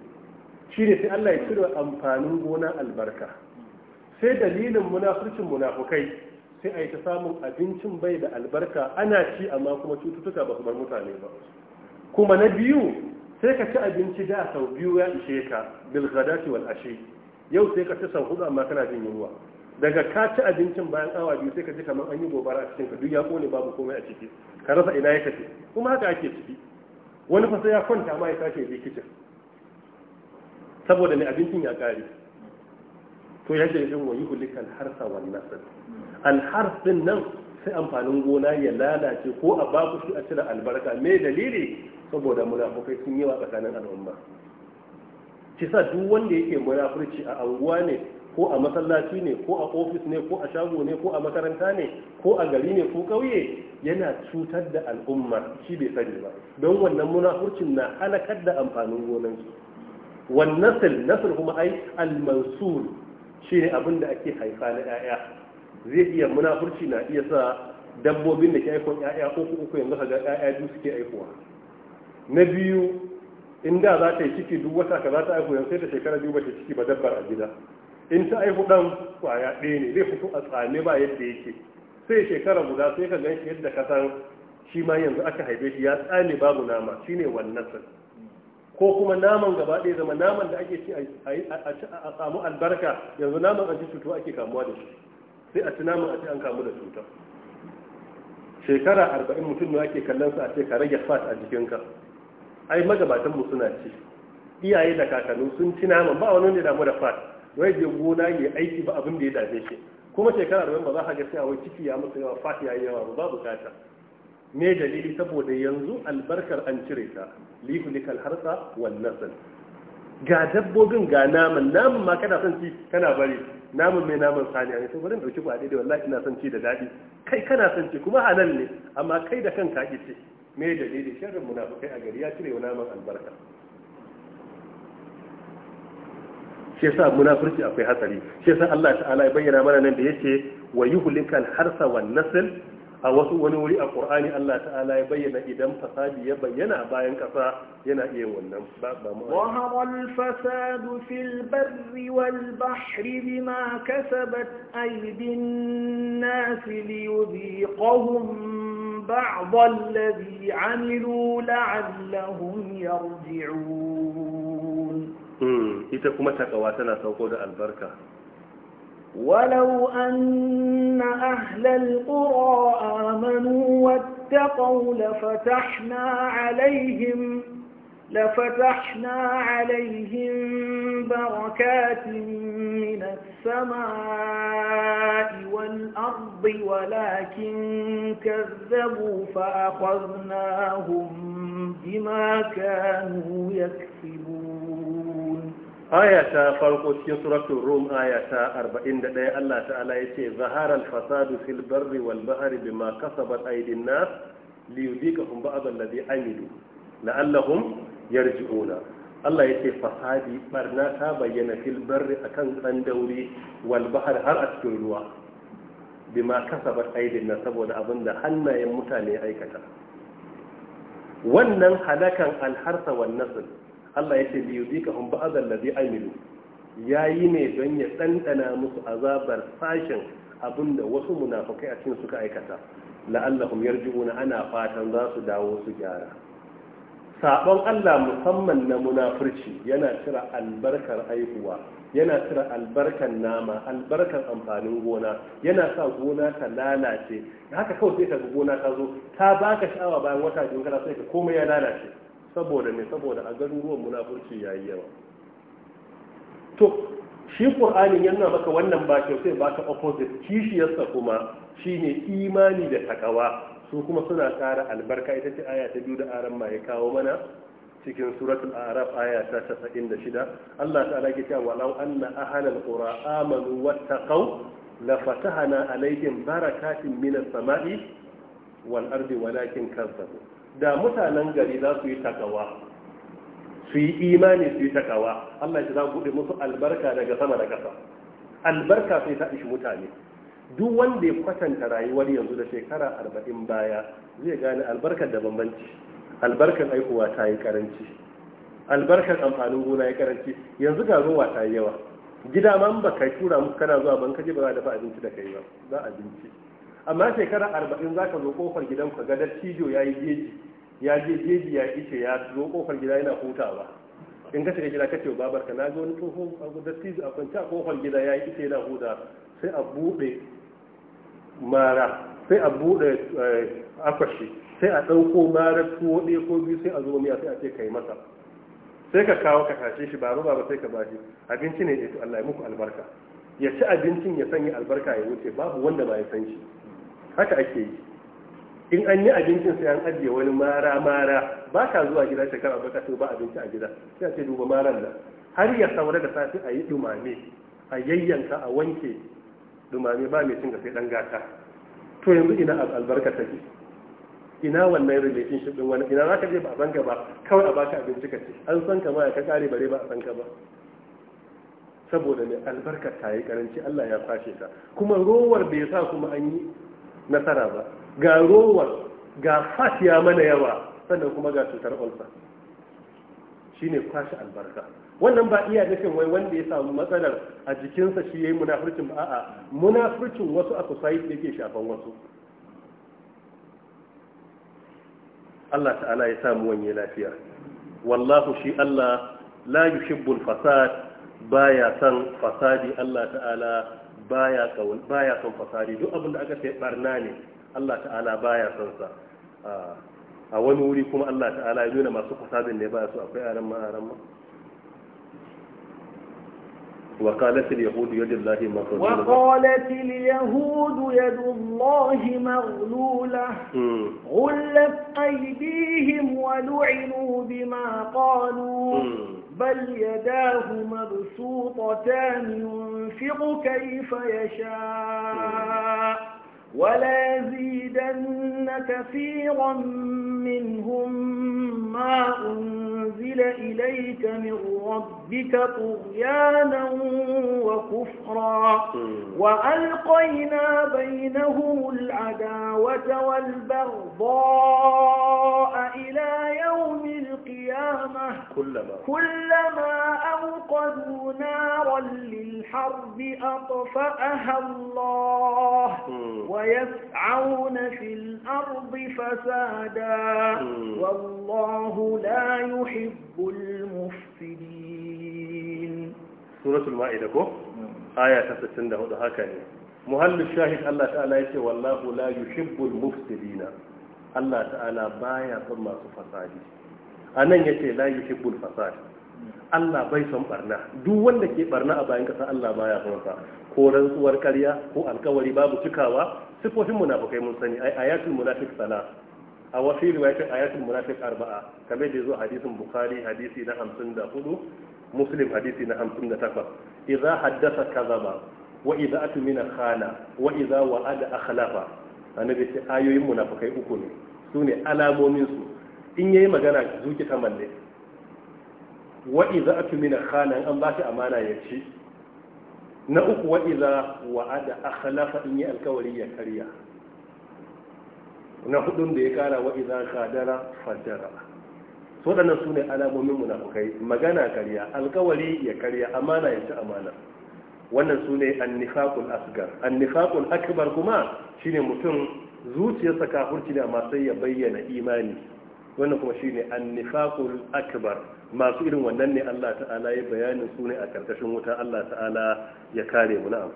A: shine sai Allah ya cire amfanin gona albarka sai dalilin munafurcin munafukai sai a yi ta samun abincin bai da albarka ana ci amma kuma cututtuka ba su bar mutane ba kuma na biyu sai ka ci abinci da sau biyu ya ishe ka bilgadashi wal ashe yau sai ka ci sau hudu amma kana jin yunwa daga ka ci abincin bayan awa biyu sai ka ji kamar an yi gobara a cikin ka duk ya kone babu komai a ciki ka rasa ina ya kace kuma haka ake ciki wani fasa ya kwanta ma ya sake ya kicin saboda ne abincin ya kare to ya ce yin wayi hulik alharsa wal nasr alharsin nan sai amfanin gona ya lalace ko a baku shi a cire albarka me dalili saboda munafukai sun yawa tsakanin al'umma ci sa duk wanda yake munafurci a anguwa ne ko a masallaci ne ko a ofis ne ko a shago ne ko a makaranta ne ko a gari ne ko ƙauye yana cutar da al'umma shi bai sani ba don wannan munafurcin na halakar da amfanin gonansu wannan na nasir kuma ai al-mansur shine abin da ake haifa na 'ya'ya zai iya munafurci na iya sa dabbobin da ke aikon 'ya'ya ko uku yanzu ga 'ya'ya duk suke aikowa na biyu in da za ta yi ciki duk wata ka za ta aiko yanzu sai ta shekara biyu ba ta ciki ba dabbar a gida in ta aiko dan kwaya ɗaya ne zai fito a tsame ba yadda yake sai shekara guda sai ka ganshi yadda ka san shi ma yanzu aka haife shi ya tsame babu nama shine wannan sun ko kuma naman gaba ɗaya zama naman da ake ci a samu albarka yanzu naman an ci cutuwa ake kamuwa da shi sai a ci naman a ci an kamu da cuta shekara arba'in mutum ne ake kallon sa a ce ka rage fat a jikinka ai magabatan mu suna ci iyaye da kakanni sun ci naman ba wani ne damu da fat wai je gona ya aiki ba abin da ya dace shi kuma shekara da ba za ka ga sai wai ciki ya musu yawa fat ya yi yawa ba bukata me dalili saboda yanzu albarkar an cire ta likal harsa wal nasl ga dabbobin ga naman naman ma kana son ci kana bari naman mai naman saniya ne to dauki ba a daidai wallahi ina son ci da daɗi. kai kana son ci kuma halal ne amma kai da kanka ki ci. mai dalili sharrin munafukai a gari ya cire wa naman albarka shi yasa munafurci akwai hatsari shi yasa Allah ta'ala ya bayyana mana nan da yake wa yuhlikal harsa wan nasl a wasu wani wuri a qur'ani Allah ta'ala ya bayyana idan fasadi ya bayyana bayan kasa yana iya wannan ba ba mu wahara
B: al-fasadu fil barri wal bahri bima kasabat aydin nas liyudhiqahum ba'd alladhi 'amilu la'allahum yarji'un
A: hmm, ita kuma takawa tana sauko da albarka
B: ولو أن أهل القرى آمنوا واتقوا لفتحنا عليهم لفتحنا عليهم بركات من السماء والأرض ولكن كذبوا فأخذناهم بما كانوا يكسبون
A: aya ta farko cikin suratul rum aya ta 41 Allah ta'ala yace zaharar fasadu fil barri wal bahri bima kasabat aydin nas liyudikahum ba'd alladhi amilu la'allahum yarji'una Allah yace fasadi barna ta bayyana fil barri akan tsandauri wal bahr har a cikin ruwa bima kasabat aydin nas saboda hannayen mutane aikata wannan halakan alharsa wannan nasl Allah ya ce bi yuzika hum ba'd Aminu. amilu yayi ne don ya dandana musu azabar sashen abinda wasu munafikai a cikin suka aikata la'allahum yarji'una ana fatan za su dawo su gyara sabon Allah musamman na munafurci yana cira albarkar aihuwa yana cire albarkar nama albarkar amfanin gona yana sa gona ta lalace haka kawai sai ka gona ta zo ta baka sha'awa bayan wata biyu kana sai ka komai ya lalace saboda ne saboda a garuruwan munafurci ya yi yawa to shi ƙur'ani yana maka wannan ba kyau sai ta opposite kishiyarsa kuma shi ne imani da takawa su kuma suna tsara albarka ita ce aya ta biyu da aran ma ya kawo mana cikin suratul araf aya ta shida. Allah ta'ala ke cewa walau anna ahlal qura amanu la fatahana alaihim barakatin minas sama'i wal ardi walakin kazzabu da mutanen gari za su yi takawa su yi imani su yi takawa Allah ya za buɗe musu albarka daga sama da kasa. albarka sai ta ishi mutane duk wanda ya kwatanta rayuwar yanzu da shekara arba'in baya zai gane albarkar da bambanci albarkar aikowa ta yi karanci albarkar amfanin gona ya karanci yanzu ga ruwa ta yi yawa gida ma ba kai tura musu kana zuwa ban kaje ba za a dafa abinci da kai ba za a abinci amma shekara arba'in za ka zo kofar gidan ka gadar cijo ya yi jeji ya je jeji ya ice ya zo kofar gida yana hutawa in ka shiga gida ka ce babar ka na ga wani tsoho a gudar cizo a kwanci a kofar gida ya yi ice yana huta sai a buɗe mara sai a buɗe eh, akwashi sai a ɗauko mara tuwo ɗaya ko biyu sai a zo miya sai a ce kai masa sai ka kawo ka tashe shi ba ba sai ka bashi abinci ne ya eh, to Allah ya muku albarka ya ci abincin ya sanya albarka ya wuce babu wanda ba ya san shi haka ake yi in an yi abincin sai an ajiye wani mara mara ba ka zuwa gida shekara ba ka ba abinci a gida sai ce duba maran da har ya samu daga safi a yi dumame a yayyanka a wanke dumame ba mai cin gasai dan gata to yanzu ina albarka take ina wannan shi din wani ina ka je ba a banka ba kawai a baka abinci ka ce. an san ka ma ka kare bare ba a san ka ba saboda mai albarkar ta yi karanci Allah ya fashe ta kuma rowar bai sa kuma an yi nasara ba ga rowar ga fat mana yawa sannan kuma ga cutar ulsa ne kwashi albarka wannan ba iya nufin wai wanda ya samu matsalar a jikinsa shi ya yi munafurcin a'a munafurcin wasu a society yake shafan wasu Allah ta'ala ya samu wanye lafiya wallahu shi Allah la yuhibbul fasad baya san fasadi Allah ta'ala baya son fasari duk abin da aka ce barna ne Allah ta'ala baya son sa a wani wuri kuma Allah ta'ala ya nuna masu fasadin ne baya so akwai aran ma aran ma وقالت اليهود يد الله مغلولة
B: وقالت اليهود يد الله مغلولة غلت أيديهم ولعنوا بما قالوا م. بل يداه مبسوطتان ينفق كيف يشاء ولا يزيدن كثيرا منهم ما أنزل إليك من ربك طغيانا وكفرا وألقينا بينهم العداوة والبغضاء إلى يوم القيامة كلما, كلما أوقذوا نارا للحرب أطفأها الله ويسعون في الأرض فسادا والله لا يحب المفسدين
A: سورة المائدة آية تفتن له هكذا مهل الشاهد الله تعالى يسي والله لا يحب المفسدين الله تعالى باية ثم سفر a nan ya ce layi hibbul fasad Allah bai son barna duk wanda ke barna a bayan kasa Allah baya son sa ko rantsuwar karya, ko alkawari babu cikawa sifofin munafikai mun sani ai ayatul munafiq sala a wasu riwayatin ayatul munafiq arba'a kamar da zo hadisin bukhari hadisi na 54 muslim hadisi na 58 idza haddatha kadhaba wa idza atmina khana wa idza wa'ada akhlafa annabi ce ayoyin munafikai uku ne sune alamomin su in yayi magana zuki ta malle wa idza atmina khana an ba shi amana ya ci na uku wa idza wa'ada akhlafa in yi alkawari ya karya na hudun da ya kara wa idza khadara fajara so dana sune alamomin munafikai magana karya alkawari ya karya amana ya ci amana wannan sune annifaqul asgar annifaqul akbar kuma shine mutum zuciyarsa kafirci ne amma sai ya bayyana imani wannan kuma shine annifaqul akbar masu irin wannan ne Allah ta'ala ya bayanin su ne a karkashin wuta Allah ta'ala ya kare mu na'am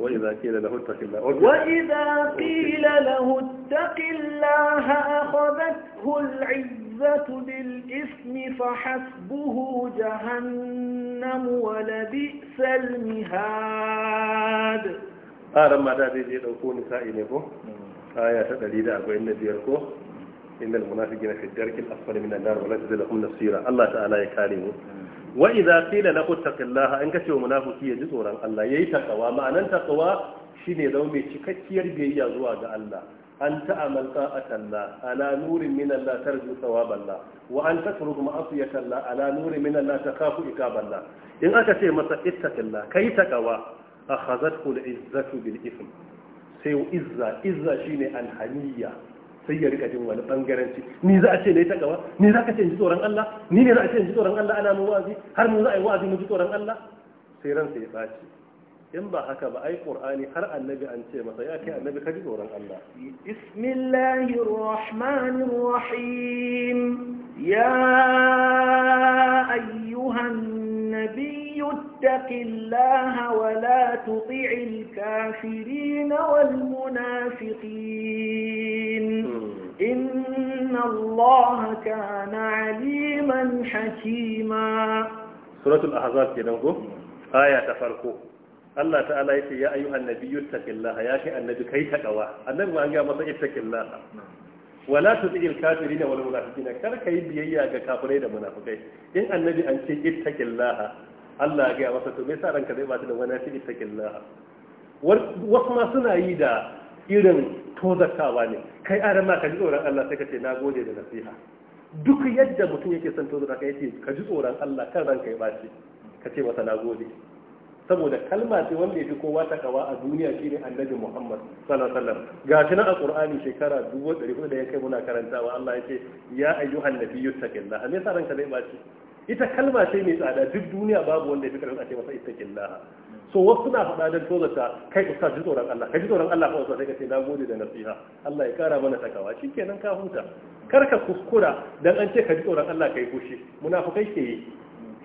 A: وإذا قيل له اتق الله
B: وإذا قيل له اتق الله أخذته العزة بالإثم فحسبه جهنم ولبئس المهاد
A: آرم ما دي لو كون سائل aya ta biyar ko innal gina fi darkil asfali minan nar wa la tajidu nasira Allah ta'ala ya kare mu wa idza qila lahu taqillaha an kace wa munafiki ya ji tsoron Allah yayi takawa ma'anan takawa shine zama mai cikakkiyar biyayya zuwa ga Allah an ta'amal ta'atalla ala nurin min Allah tarju thawaballa wa an tatruk ma'asiyatalla ala nurin min Allah takhafu iqaballa in aka ce masa ittaqilla kai takawa akhazathu al-izzatu bil ithm sai izza izza shi ne alhamiya sai ya rika jin wani bangaranci ni za a ce ne ta gaba ni za ka ce ji tsoron Allah ni ne za a ce ji tsoron Allah ana mu wa'azi har mu za a yi wa'azi mu ji tsoron Allah sai ransa ya baci in ba haka ba ai qur'ani har annabi an ce masa ya kai annabi ka ji tsoron Allah
B: bismillahir rahmanir rahim ya ayyuhan nabiy يتق الله ولا تطع الكافرين والمنافقين hmm. إن الله كان عليما حكيما
A: سورة الأحزاب كده آية تفرقه Allah ta'ala ya ce ya ayyuhan nabiyyu taqillaha ya kai annabi kai takawa annabi an ga masa ittaqillaha wala tuti'il kafirin wal munafiqin kar kai biyayya ga kafirai da munafikai in annabi an ce ittaqillaha Allah ya gaya masa to me sa ranka zai bata da wani shi ittaqillah wasu ma suna yi da irin tozartawa ne kai aran ma ka ji tsoron Allah sai ka ce na gode da nasiha duk yadda mutum yake son tozarta ka yace ka ji tsoron Allah kan ranka ya bace ka ce masa na gode saboda kalma ce wanda ya fi kowa ta kawa a duniya shine annabi Muhammad sallallahu alaihi wasallam gashi nan a Qur'ani shekara 1400 da ya kai muna karantawa Allah ya ce ya ayyuhan nabiyyu taqillaha me yasa ranka zai bace ita kalma ce mai tsada duk duniya babu wanda ya fi karfin ce masa ittaqillaha so wasu na faɗa don tozata kai usta ji tsoron Allah kai ji tsoron Allah kawai sai ka ce na gode da nasiha Allah ya kara mana takawa shikenan ka huta kar ka kuskura dan an ce ka ji tsoron Allah kai fushi munafukai ke yi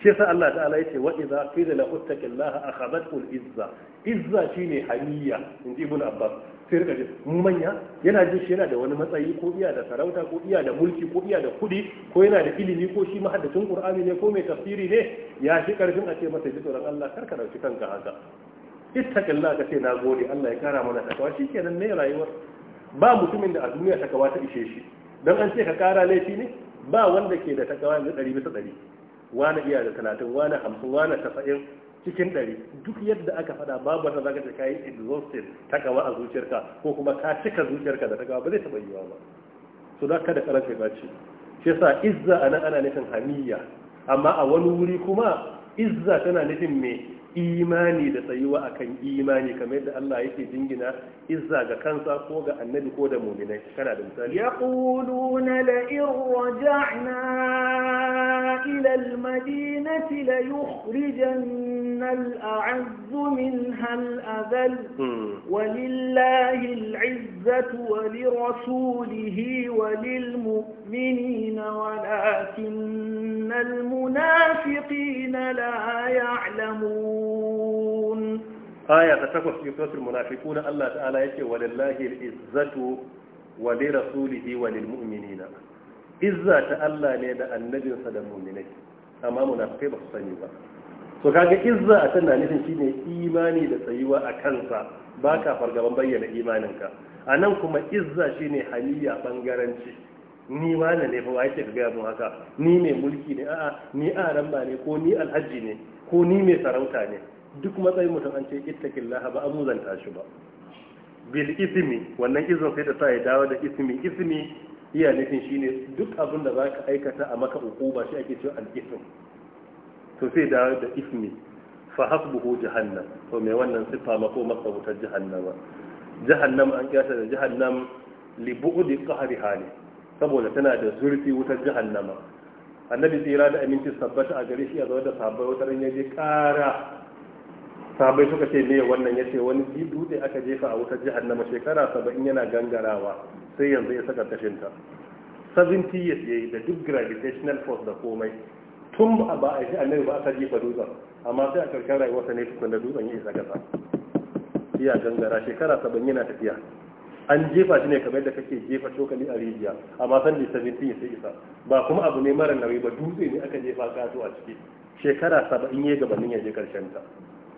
A: shi yasa Allah ta'ala yace wa idza qila la uttaqillaha akhadatul izza izza shine haniya inji ibn abbas sai rika jin mu manya yana jin shi yana da wani matsayi ko iya da sarauta ko iya da mulki ko iya da kudi ko yana da ilimi ko shi mahaddacin qur'ani ne ko mai tafsiri ne ya shi karfin a ce masa ji tsoron Allah kar ka dauki kanka haka ittaqillah ka ce nagode Allah ya kara mana takawa shikenan ne rayuwar ba mutumin da a duniya takawa ta ishe shi dan an ce ka kara laifi ne ba wanda ke da takawa da 100 bisa 100 wani iya da 30 wani 50 wani 70 cikin ɗari duk yadda aka faɗa babu wanda zaka ce kayi exhausted ta gaba a zuciyarka ko kuma ka cika zuciyarka da ta gaba ba zai taɓa yiwa ba so da kada karanta ba ce, shi yasa izza anan ana nufin hamiyya amma a wani wuri kuma izza tana nufin me imani da tsayuwa akan imani kamar yadda Allah yake dingina izza ga kansa ko ga annabi ko da mu'minai kana da misali
B: yaquluna la irja'na ila al-madinati la yukhrijanna al-a'azz minha al wa lillahi al-'izzatu wa rasulihi wa lil lilmu'minina walakinna al-munafiqina la ya'lamun munafiqun
A: aya ta takwas cikin suratul munafiqun Allah ta'ala yake walillahi al-izzatu wa li rasulihi wa lil izza ta Allah ne da annabinsa da mu'minai amma munafikai ba su sani ba to kaga izza a tana nufin shine imani da tsayuwa a kansa ba ka fargaban bayyana imaninka a nan kuma izza shine haliya bangaranci ni wane ne fa wai ce ga mun haka ni mai mulki ne a'a ni aran ba ne ko ni alhaji ne ko ni mai sarauta ne duk matsayin mutum an ce ittaqillaha ba amuzanta shi ba bil ismi wannan izin sai da sa ya dawo da ismi ismi iya nufin shine duk abin da zaka aikata a maka ukuba shi ake cewa al ism to sai dawo da ismi fa hasbuhu jahannam to me wannan sifa ko maka wutar jahannama jahannam an kiyasa da jahannam li bu'di qahri hali saboda tana da zurfi wutar jahannama annabi tsira da aminci sabbata a gare shi a zaune da sabbai wata ranar yaje kara sahabbai suka ce ne wannan ya ce wani dutse aka jefa a wutar jahannama shekara saba'in yana gangarawa sai yanzu ya saka kashinta 70 years yi da duk gravitational force da komai tun ba a yi annabi ba aka jefa dutsen amma sai a karkar rayuwarsa ne tukun da dutsen ya isa kasa iya gangara shekara saba'in yana tafiya an jefa shi ne kamar da kake jefa cokali a rijiya amma san da 17 sai isa ba kuma abu ne mara nauyi ba dutse ne aka jefa kato a ciki shekara saba'in ya gabanin ya je karshen ta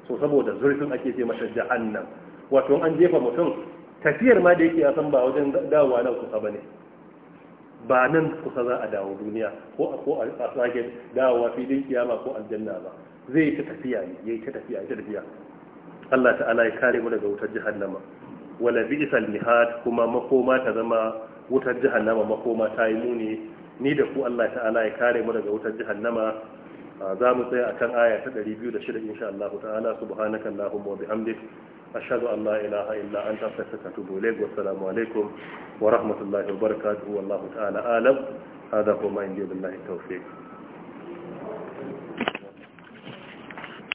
A: so saboda zurfin ake ce masa jahannam wato an jefa mutum tafiyar ma da yake a san ba wajen dawowa nan kusa bane ba nan kusa za a dawo duniya ko a ko a sake dawowa filin kiyama ko aljanna ba zai ta tafiya ne yayi ta tafiya ta tafiya Allah ta'ala ya kare mu daga wutar jahannama wala bi'sal mihad kuma makoma ta zama wutar jahannama makoma ta yi muni ni da ku Allah ta'ala ya kare mu daga wutar jahannama ah, za mu tsaya akan aya ta 206 insha Allah ta'ala subhanaka allahumma wa bihamdik ashhadu an la ilaha illa anta astaghfiruka wa atubu ilayk wa assalamu alaikum wa rahmatullahi wa barakatuh wallahu ta'ala alam هذا هو ما عندي بالله التوفيق